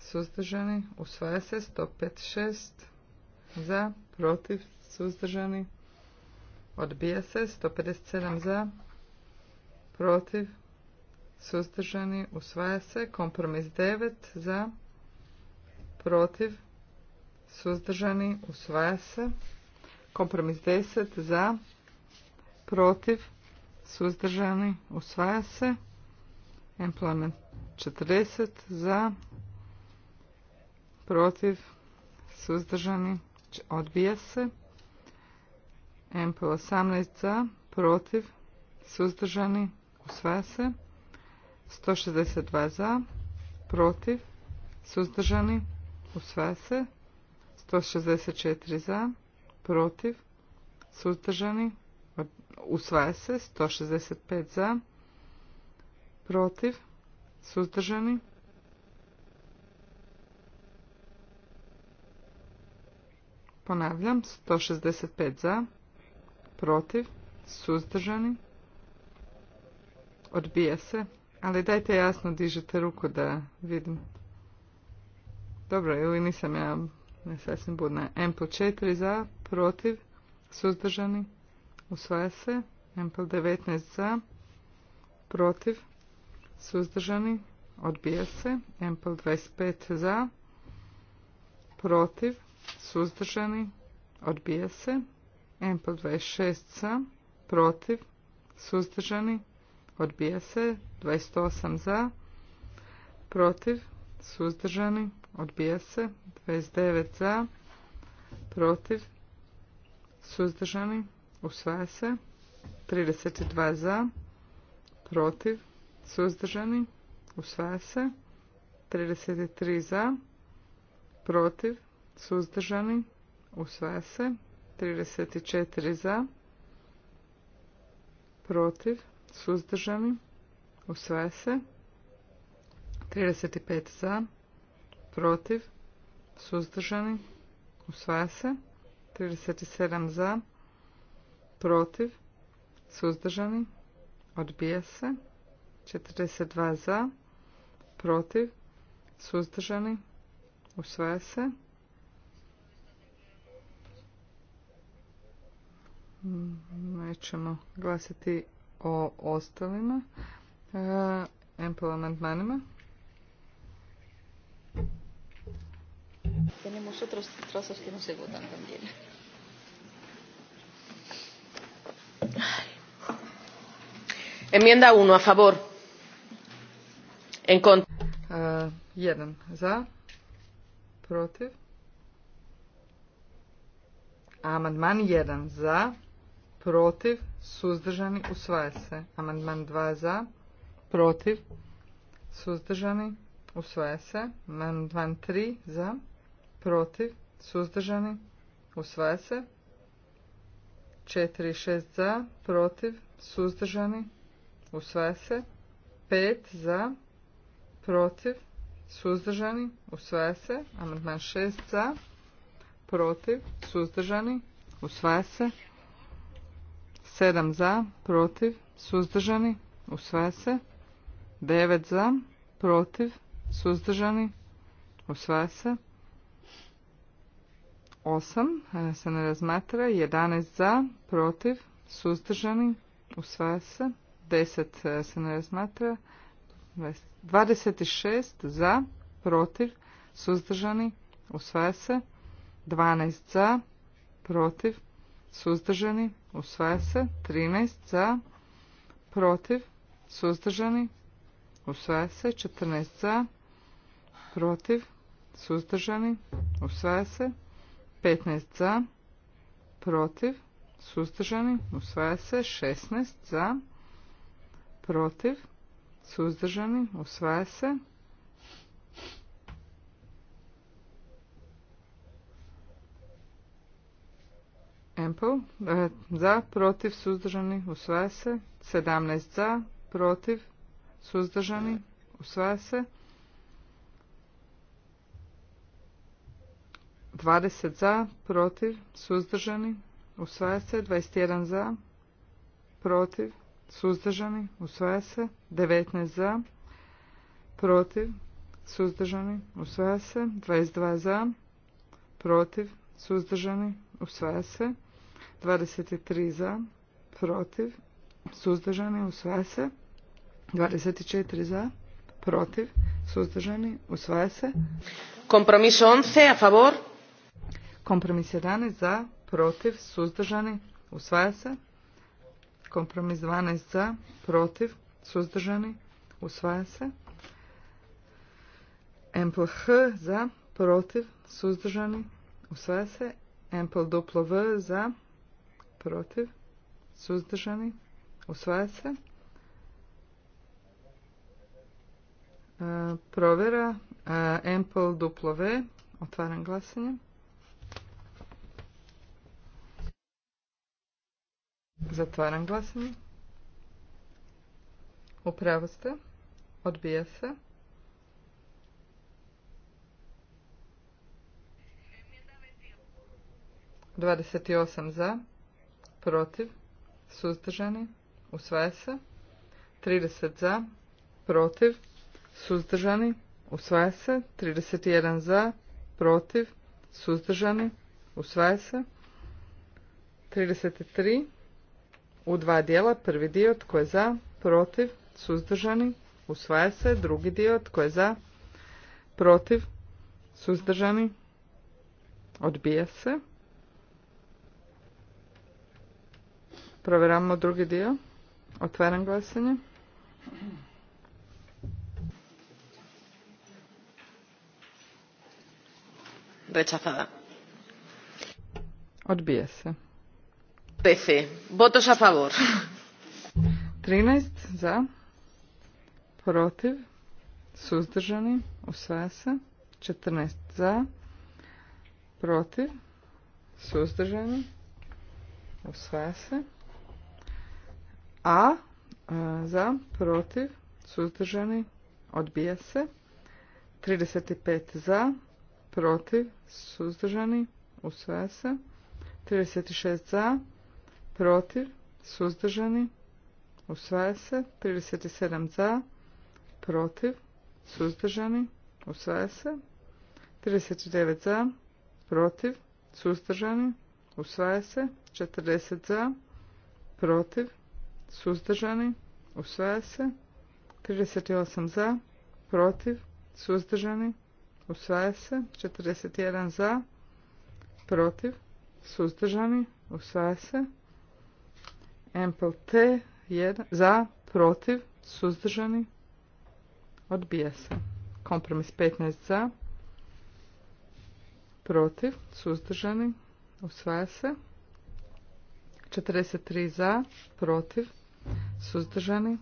suzdržani, usvaja se 156 za, protiv, suzdržani, odbija se 157 za, protiv, suzdržani, usvaja se kompromis 9 za, protiv, suzdržani, usvaja se kompromis 10 za, protiv, suzdržani, usvaja se employment 40 za, protiv, suzdržani, odbija se. MP18 za, protiv, suzdržani, usvaja se. 162 za, protiv, suzdržani, usvaja se. 164 za, protiv, suzdržani, usvaja se. 165 za, protiv, suzdržani, Ponavljam, 165 za, protiv, suzdržani, odbija se, ali dajte jasno, dižete ruku da vidim. Dobro, ili nisam ja ne sasvim budna. po 4 za, protiv, suzdržani, usvaja se. po 19 za, protiv, suzdržani, odbija se. MPL 25 za, protiv, suzdržani, odbija se. po 26 za, protiv, suzdržani, odbija se. 28 za, protiv, suzdržani, odbija se. 29 za, protiv, suzdržani, usvaja se. 32 za, protiv, suzdržani, usvaja se. 33 za, protiv, suzdržani, usvaja se. 34 za, protiv, suzdržani, usvaja se. 35 za, protiv, suzdržani, usvaja se. 37 za, protiv, suzdržani, odbija se. 42 za, protiv, suzdržani, usvaja se. nećemo mm, glasati o ostalima e, ample amandmanima. Tenemos otros trozos que no se votan también. Enmienda 1 a favor. En contra. Uh, e, jedan za. Protiv. Amandman 1 za protiv, suzdržani, usvaja se. Amandman 2 za, protiv, suzdržani, usvaja se. Amandman 3 za, protiv, suzdržani, usvaja se. 4 i 6 za, protiv, suzdržani, usvaja se. 5 za, protiv, suzdržani, usvaja se. Amandman 6 za, protiv, suzdržani, usvaja se. 7 za, protiv, suzdržani, usvaja se. 9 za, protiv, suzdržani, usvaja se. 8 e, se ne razmatra, 11 za, protiv, suzdržani, usvaja se. 10 e, se ne razmatra, 26 za, protiv, suzdržani, usvaja se. 12 za, protiv, suzdržani, usvaja se. 13 za, protiv, suzdržani, usvaja se. 14 za, protiv, suzdržani, usvaja se. 15 za, protiv, suzdržani, usvaja se. 16 za, protiv, suzdržani, usvaja se. E, za, protiv, suzdržani, usvaja se. 17 za, protiv, suzdržani, usvaja se. 20 za, protiv, suzdržani, usvaja se. 21 za, protiv, suzdržani, usvaja se. 19 za, protiv, suzdržani, usvaja se. 22 za, protiv, suzdržani, usvaja se. 23 za, protiv, suzdržani, usvaja se. 24 za, protiv, suzdržani, usvaja se. Kompromis 11 a favor. Kompromis 11 za, protiv, suzdržani, usvaja se. Kompromis 12 za, protiv, suzdržani, usvaja se. H za, protiv, suzdržani, usvaja se. MPL duplo V za, protiv, suzdržani, usvaja se. E, provjera e, Ample duplo V. Otvaram glasanje. Zatvaram glasanje. Upravo ste. Odbija se. Dvadeset osam za protiv, suzdržani, usvaja se. 30 za, protiv, suzdržani, usvaja se. 31 za, protiv, suzdržani, usvaja se. 33 u dva dijela, prvi dio tko je za, protiv, suzdržani, usvaja se. Drugi dio tko je za, protiv, suzdržani, odbija se. Provjeravamo drugi dio. Otvaram glasanje. Rechazada. Odbije se. 13. Votos a favor. 13 za. Protiv. Suzdržani. Usvaja se. 14 za. Protiv. Suzdržani. Usvaja se. A e, za, protiv, suzdržani, odbija se. 35 za, protiv, suzdržani, usvaja se. 36 za, protiv, suzdržani, usvaja se. 37 za, protiv, suzdržani, usvaja se. 39 za, protiv, suzdržani, usvaja se. 40 za, protiv, suzdržani, usvaja se. 38 za, protiv, suzdržani, usvaja se. 41 za, protiv, suzdržani, usvaja se. MPLT 1 za, protiv, suzdržani, odbija se. Kompromis 15 za, protiv, suzdržani, usvaja se. 43 za, protiv, suzdržani,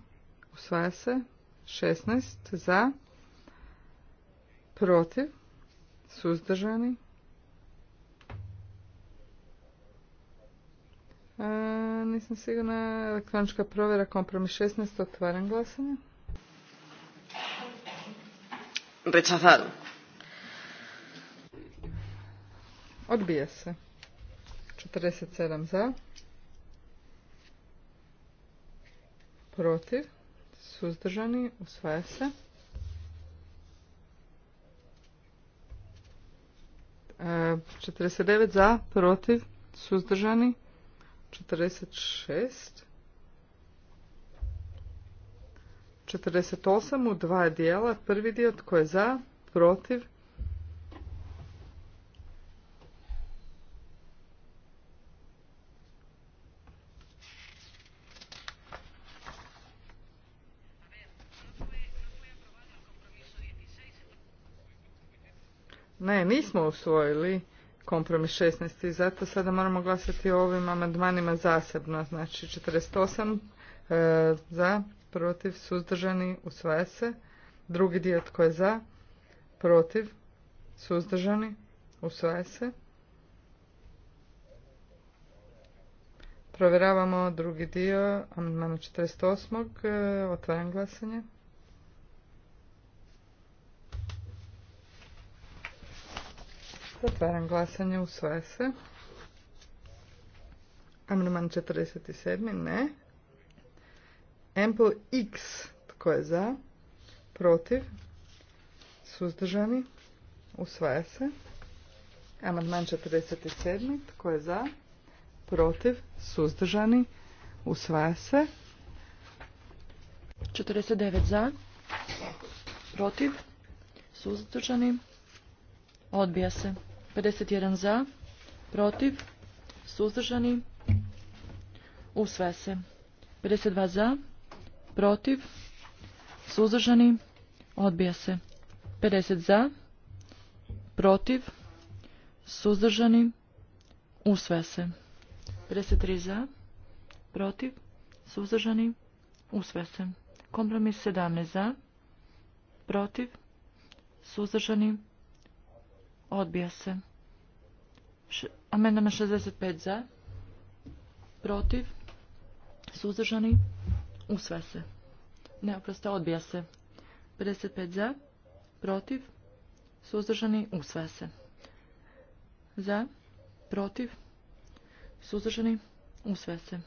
usvaja se. 16 za, protiv, suzdržani. E, nisam sigurna, elektronička provjera, kompromis 16, otvaram glasanje. Rechazado. Odbija se. 47 za. protiv, suzdržani, usvaja se. E, 49 za, protiv, suzdržani, 46. 48 u dva dijela, prvi dio tko je za, protiv, Ne, nismo usvojili kompromis 16 zato sada moramo glasati o ovim amandmanima zasebno. Znači 48 e, za, protiv, suzdržani, usvaja se. Drugi dio tko je za, protiv, suzdržani, usvaja se. Provjeravamo drugi dio amandmana 48. E, otvaram glasanje. Otvaram glasanje, usvaja se. Amandman 47. Ne. Ample X. Tko je za? Protiv? Suzdržani? Usvaja se. Amandman 47. Tko je za? Protiv? Suzdržani? Usvaja se. 49 za. Protiv? Suzdržani? Odbija se. 51 za, protiv, suzdržani, usvaja se. 52 za, protiv, suzdržani, odbija se. 50 za, protiv, suzdržani, usvaja se. 53 za, protiv, suzdržani, usvaja se. Kompromis 17 za, protiv, suzdržani, odbija se. Amendama 65 za. Protiv. Suzdržani. sve se. Neoprosta odbija se. 55 za. Protiv. Suzdržani. sve se. Za. Protiv. Suzdržani. usve se.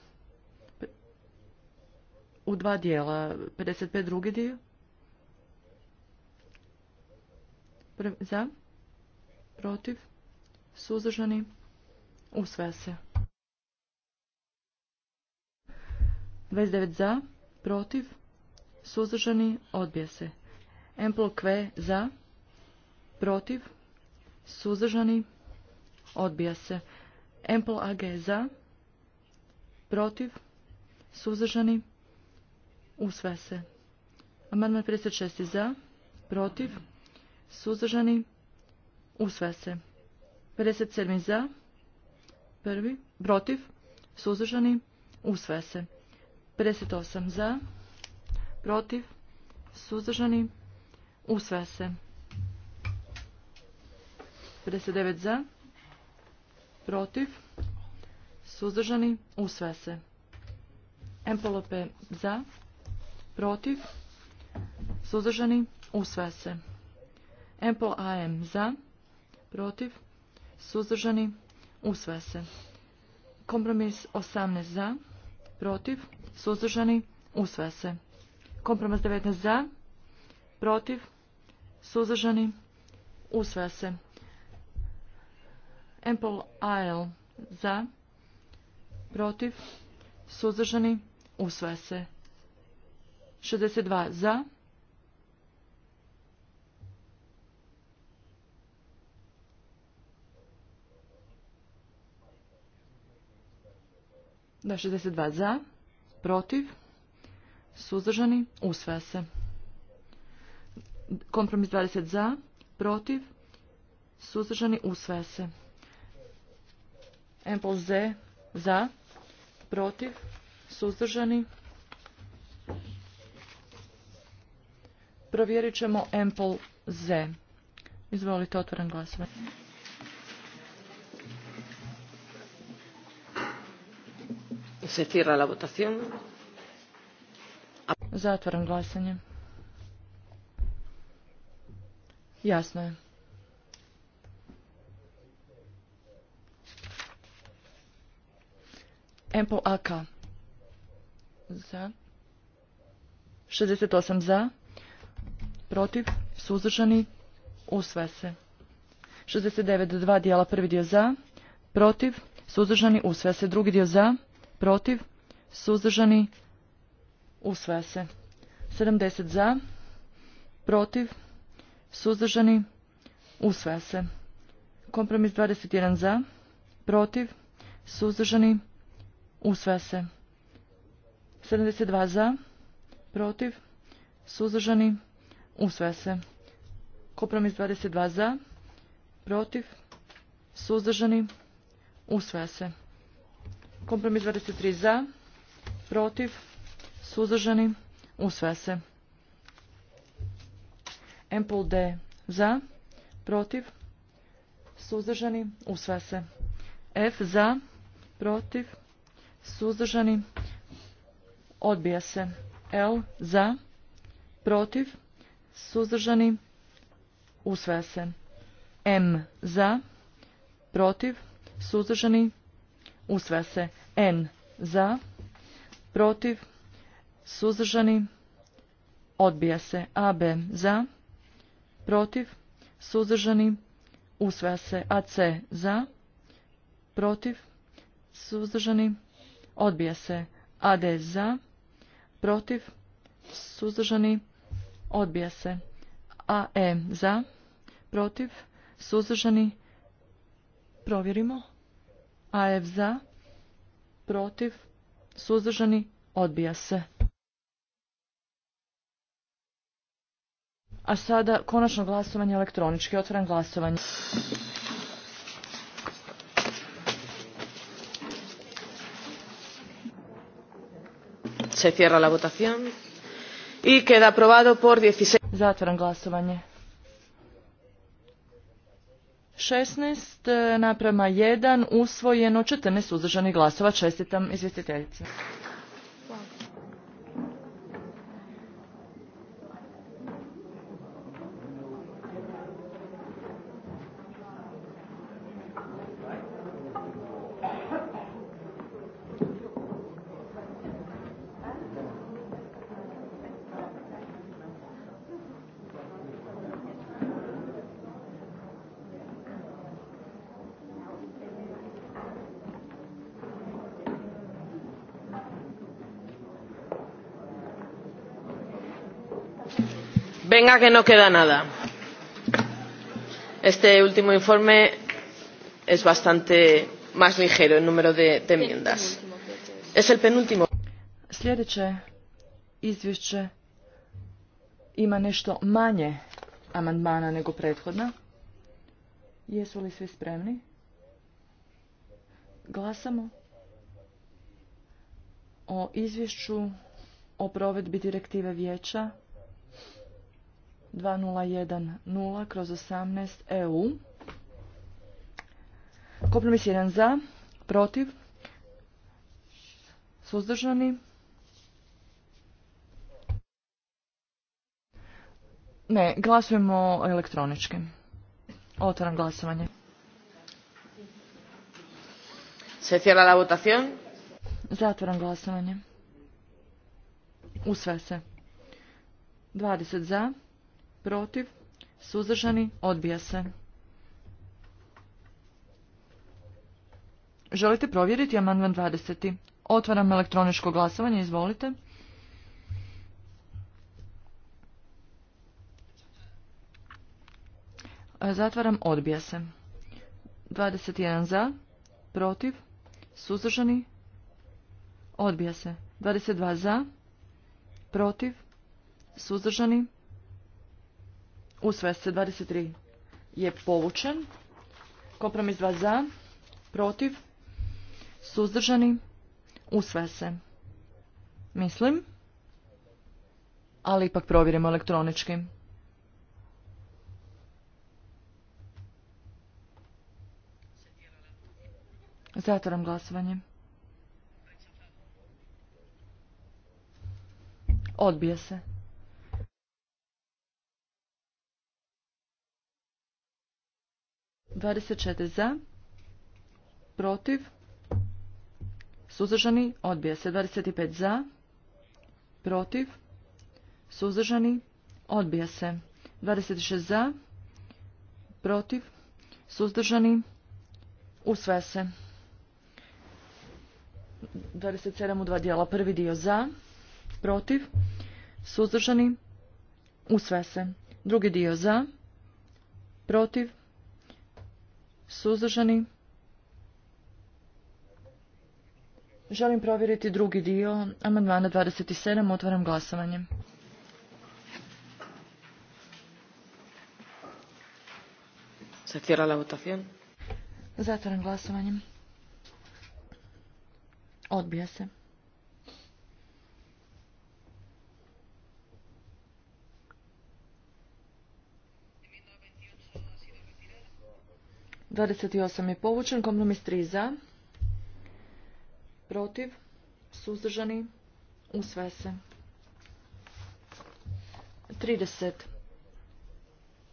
U dva dijela. 55 drugi dio. za. Protiv suzdržani, usvaja se. 29 za, protiv, suzdržani, odbija se. Emplo Q za, protiv, suzdržani, odbija se. Emplo AG za, protiv, suzdržani, usvaja se. Amandman 56 za, protiv, suzdržani, usvaja se. 57. za, prvi, protiv, suzdržani, usvaja se. 58. za, protiv, suzdržani, usvaja se. 59. za, protiv, suzdržani, usvaja se. Empolope za, protiv, suzdržani, usvaja se. Empol AM za, protiv, suzdržani, usvaja se. Kompromis 18 za, protiv, suzdržani, usvaja se. Kompromis 19 za, protiv, suzdržani, usvaja se. Ample AL za, protiv, suzdržani, usvaja se. 62 za, Da, 62 za, protiv, suzdržani, usvaja se. Kompromis 20 za, protiv, suzdržani, usvaja se. M Z za, protiv, suzdržani. Provjerit ćemo M Z. Izvolite, otvoren glasovanje. Se cierra la votación. Zatvaram glasanje. Jasno je. Empo AK. Za. 68 za. Protiv. Suzdržani. Usvaja se. 69 dva dijela. Prvi dio za. Protiv. Suzdržani. Usvaja se. Drugi dio za protiv, suzdržani, usvaja se. 70 za, protiv, suzdržani, usvaja se. Kompromis 21 za, protiv, suzdržani, usvaja se. 72 za, protiv, suzdržani, usvaja se. Kompromis 22 za, protiv, suzdržani, usvaja se. Kompromis 23 za, protiv, suzdržani, usvaja se. Empol D za, protiv, suzdržani, usvaja se. F za, protiv, suzdržani, odbija se. L za, protiv, suzdržani, usvaja se. M za, protiv, suzdržani, usvaja se N za, protiv, suzdržani, odbija se AB za, protiv, suzdržani, usvaja se AC za, protiv, suzdržani, odbija se AD za, protiv, suzdržani, odbija se AE za, protiv, suzdržani, provjerimo. AF za, protiv, suzdržani, odbija se. A sada konačno glasovanje elektronički. Otvaram glasovanje. Se cierra la votación. I queda aprobado por 16... Zatvaram glasovanje. 16 eh, naprema 1 usvojeno 14 uzdržanih glasova. Čestitam izvjestiteljice. venga que no queda nada. Este último informe es bastante más ligero en número de, enmiendas. Es el penúltimo. Sljedeće izvješće ima nešto manje amandmana nego prethodna. Jesu li svi spremni? Glasamo o izvješću o provedbi direktive vijeća 2010 kroz 18 EU. Kompromis 1 za, protiv, suzdržani. Ne, glasujemo elektronički. Otvaram glasovanje. Se cijela la votación. Zatvaram glasovanje. Usve se. 20 za, protiv, suzdržani, odbija se. Želite provjeriti amandman 20. Otvaram elektroničko glasovanje, izvolite. Zatvaram, odbija se. 21 za, protiv, suzdržani, odbija se. 22 za, protiv, suzdržani, Usvaja se 23 je povučen. Kompromis 2 za, protiv, suzdržani, usvaja se. Mislim, ali ipak provjerimo elektronički. Zatvaram glasovanje. Odbija se. 24 za, protiv, suzdržani, odbija se. 25 za, protiv, suzdržani, odbija se. 26 za, protiv, suzdržani, usvaja se. 27 u dva dijela. Prvi dio za, protiv, suzdržani, usvaja se. Drugi dio za, protiv, Suzdržani? Želim provjeriti drugi dio amandmana 27. Otvaram glasovanje. Zatvaram votación. Zatvaram glasovanje. Odbija se. 28 je povučen, kompromis 3 za, protiv, suzdržani, usve se. 30.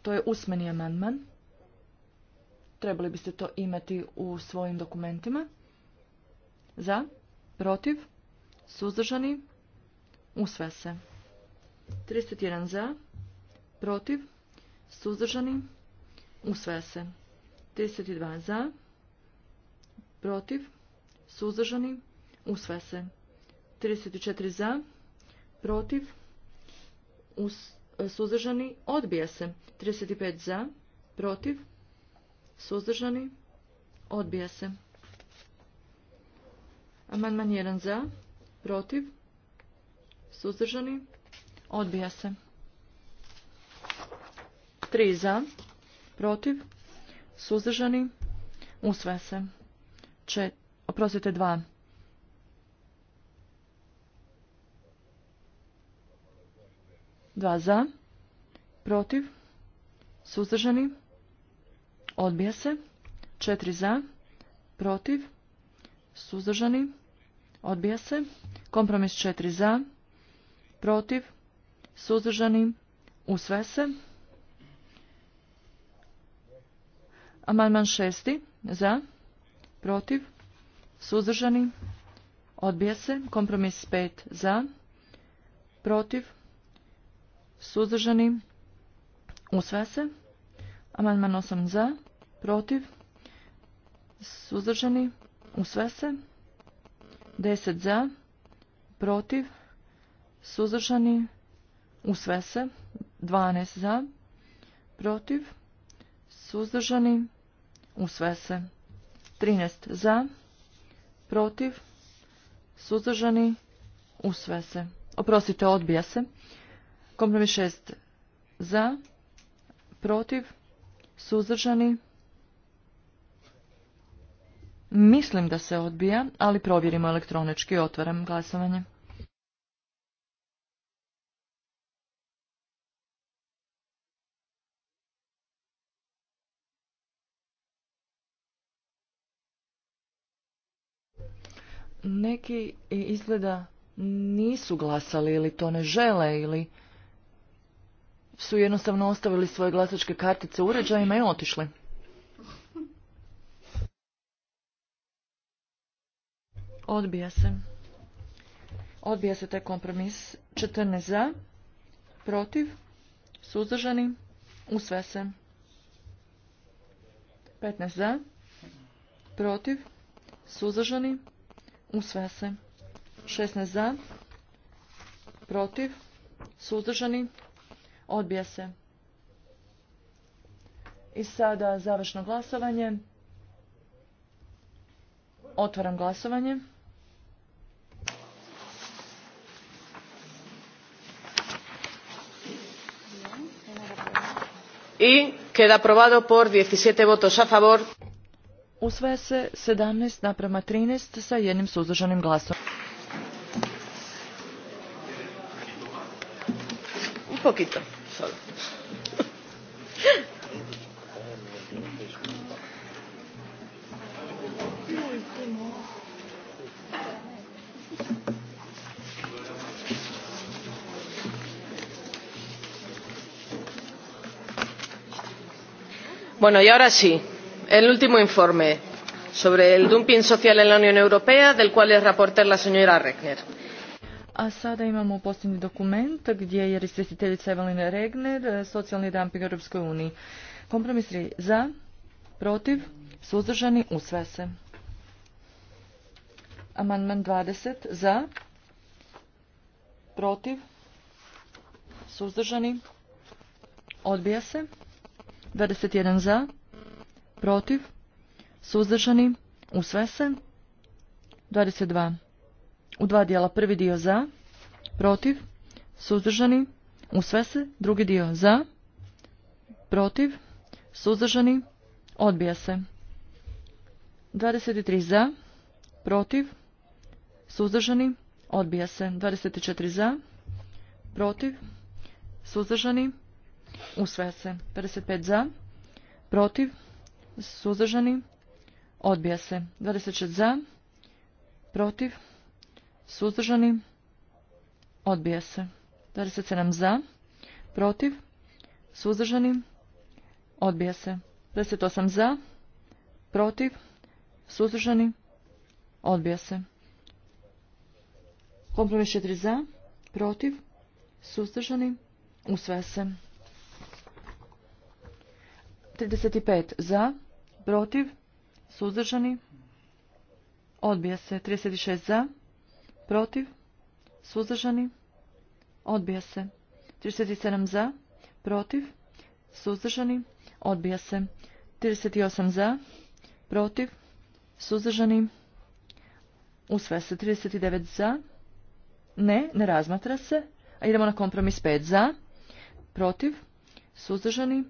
To je usmeni amandman. Trebali biste to imati u svojim dokumentima. Za, protiv, suzdržani, usve se. 31 za, protiv, suzdržani, usve se. 32 za, protiv, suzdržani, usvaja se. 34 za, protiv, e, suzdržani, odbija se. 35 za, protiv, suzdržani, odbija se. Amandman 1 za, protiv, suzdržani, odbija se. 3 za, protiv, Suzdržani? Usvaja se. Oprostite, dva. Dva za. Protiv? Suzdržani? Odbija se. Četiri za. Protiv? Suzdržani? Odbija se. Kompromis četiri za. Protiv? Suzdržani? Usvaja se. Amandman šesti. Za. Protiv. Suzdržani. Odbija se. Kompromis pet, Za. Protiv. Suzdržani. Usvaja se. Amandman osam, Za. Protiv. Suzdržani. Usvaja se. Deset, Za. Protiv. Suzdržani. Usvaja se. Dvanest, Za. Protiv. Suzdržani. Usvaja se. 13 za, protiv, suzdržani, usvaja se. Oprostite, odbija se. Kompromis 6 za, protiv, suzdržani. Mislim da se odbija, ali provjerimo elektronički. Otvaram glasovanje. Neki izgleda nisu glasali ili to ne žele ili su jednostavno ostavili svoje glasačke kartice uređajima i otišli. Odbija se. Odbija se taj kompromis. 14 za, protiv, suzdržani, usve se. 15 za, protiv, suzdržani, Usvaja se. 16 za. Protiv. Suzdržani. Odbija se. I sada završno glasovanje. Otvaram glasovanje. I queda aprobado por 17 votos a favor. Usvaja se 17 naprema 13 sa jednim suzdržanim glasom. Pokito. Bueno, y ahora sí el último informe sobre el dumping social en la Unión Europea, del cual es ponente la señora Regner. A sada imamo posljednji dokument gdje je izvjestiteljica Evelina Regner, e, socijalni dumping Europskoj uniji. Kompromis je za, protiv, suzdržani, usvaja se. Amandman 20 za, protiv, suzdržani, odbija se. 21 za, protiv, suzdržani, usve se. 22. U dva dijela prvi dio za, protiv, suzdržani, usve se. Drugi dio za, protiv, suzdržani, odbija se. 23 za, protiv, suzdržani, odbija se. 24 za, protiv, suzdržani, usvaja se. 55 za, protiv, suzdržani, odbija se. 26 za, protiv, suzdržani, odbija se. 27 za, protiv, suzdržani, odbija se. 28 za, protiv, suzdržani, odbija se. Kompromis 4 za, protiv, suzdržani, usvaja se. 35 za, protiv, suzdržani, odbija se. 36 za, protiv, suzdržani, odbija se. 37 za, protiv, suzdržani, odbija se. 38 za, protiv, suzdržani, usve se. 39 za, ne, ne razmatra se. A idemo na kompromis 5 za, protiv, suzdržani,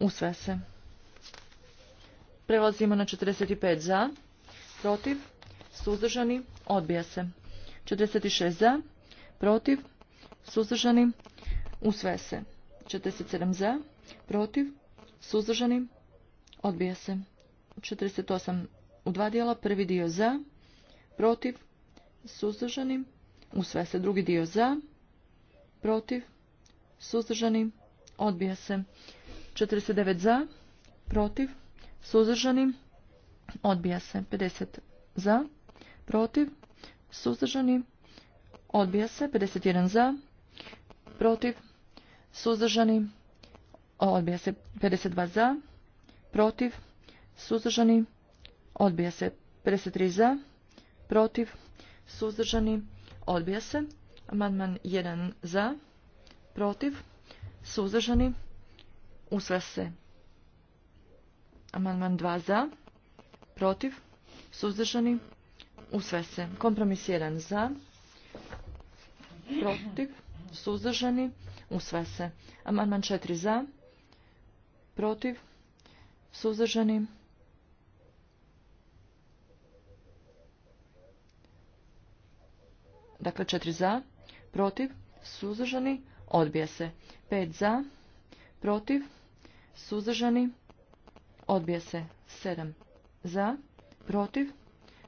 Usvaja se. Prelazimo na 45 za, protiv, suzdržani, odbija se. 46 za, protiv, suzdržani, usvaja se. 47 za, protiv, suzdržani, odbija se. 48 u dva dijela, prvi dio za, protiv, suzdržani, usvaja se. Drugi dio za, protiv, suzdržani, odbija se. 49 za, protiv, suzdržani, odbija se. 50 za, protiv, suzdržani, odbija se. 51 za, protiv, suzdržani, odbija se. 52 za, protiv, suzdržani, odbija se. 53 za, protiv, suzdržani, odbija se. Amandman 1 za, protiv, suzdržani, odbija se. Usva se. Amandman 2 za. Protiv. Suzdržani. Usva se. Kompromis 1 za. Protiv. Suzdržani. Usva se. Amandman 4 za. Protiv. Suzdržani. Dakle, 4 za. Protiv. Suzdržani. Odbija se. 5 za. Protiv suzdržani, odbije se 7 za, protiv,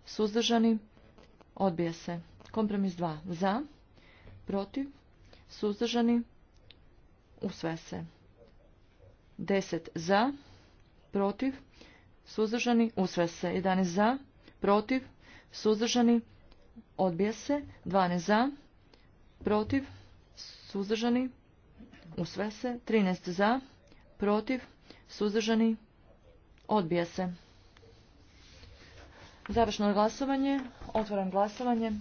suzdržani, odbije se. Kompromis 2 za, protiv, suzdržani, usve se. 10 za, protiv, suzdržani, usve se. 11 za, protiv, suzdržani, odbije se. 12 za, protiv, suzdržani, usve se. 13 za, protiv, suzdržani, odbija se. Završno glasovanje, otvoram glasovanje.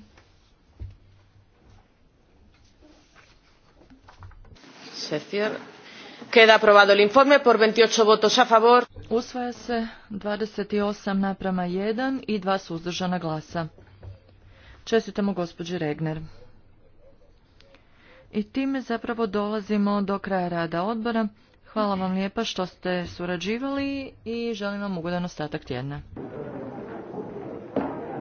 Queda aprobado el informe por 28 votos a favor. Usvaja se 28 naprama 1 i 2 suzdržana glasa. Čestitamo gospođi Regner. I time zapravo dolazimo do kraja rada odbora. Hvala vam lijepa što ste surađivali i želim vam ugodan ostatak tjedna.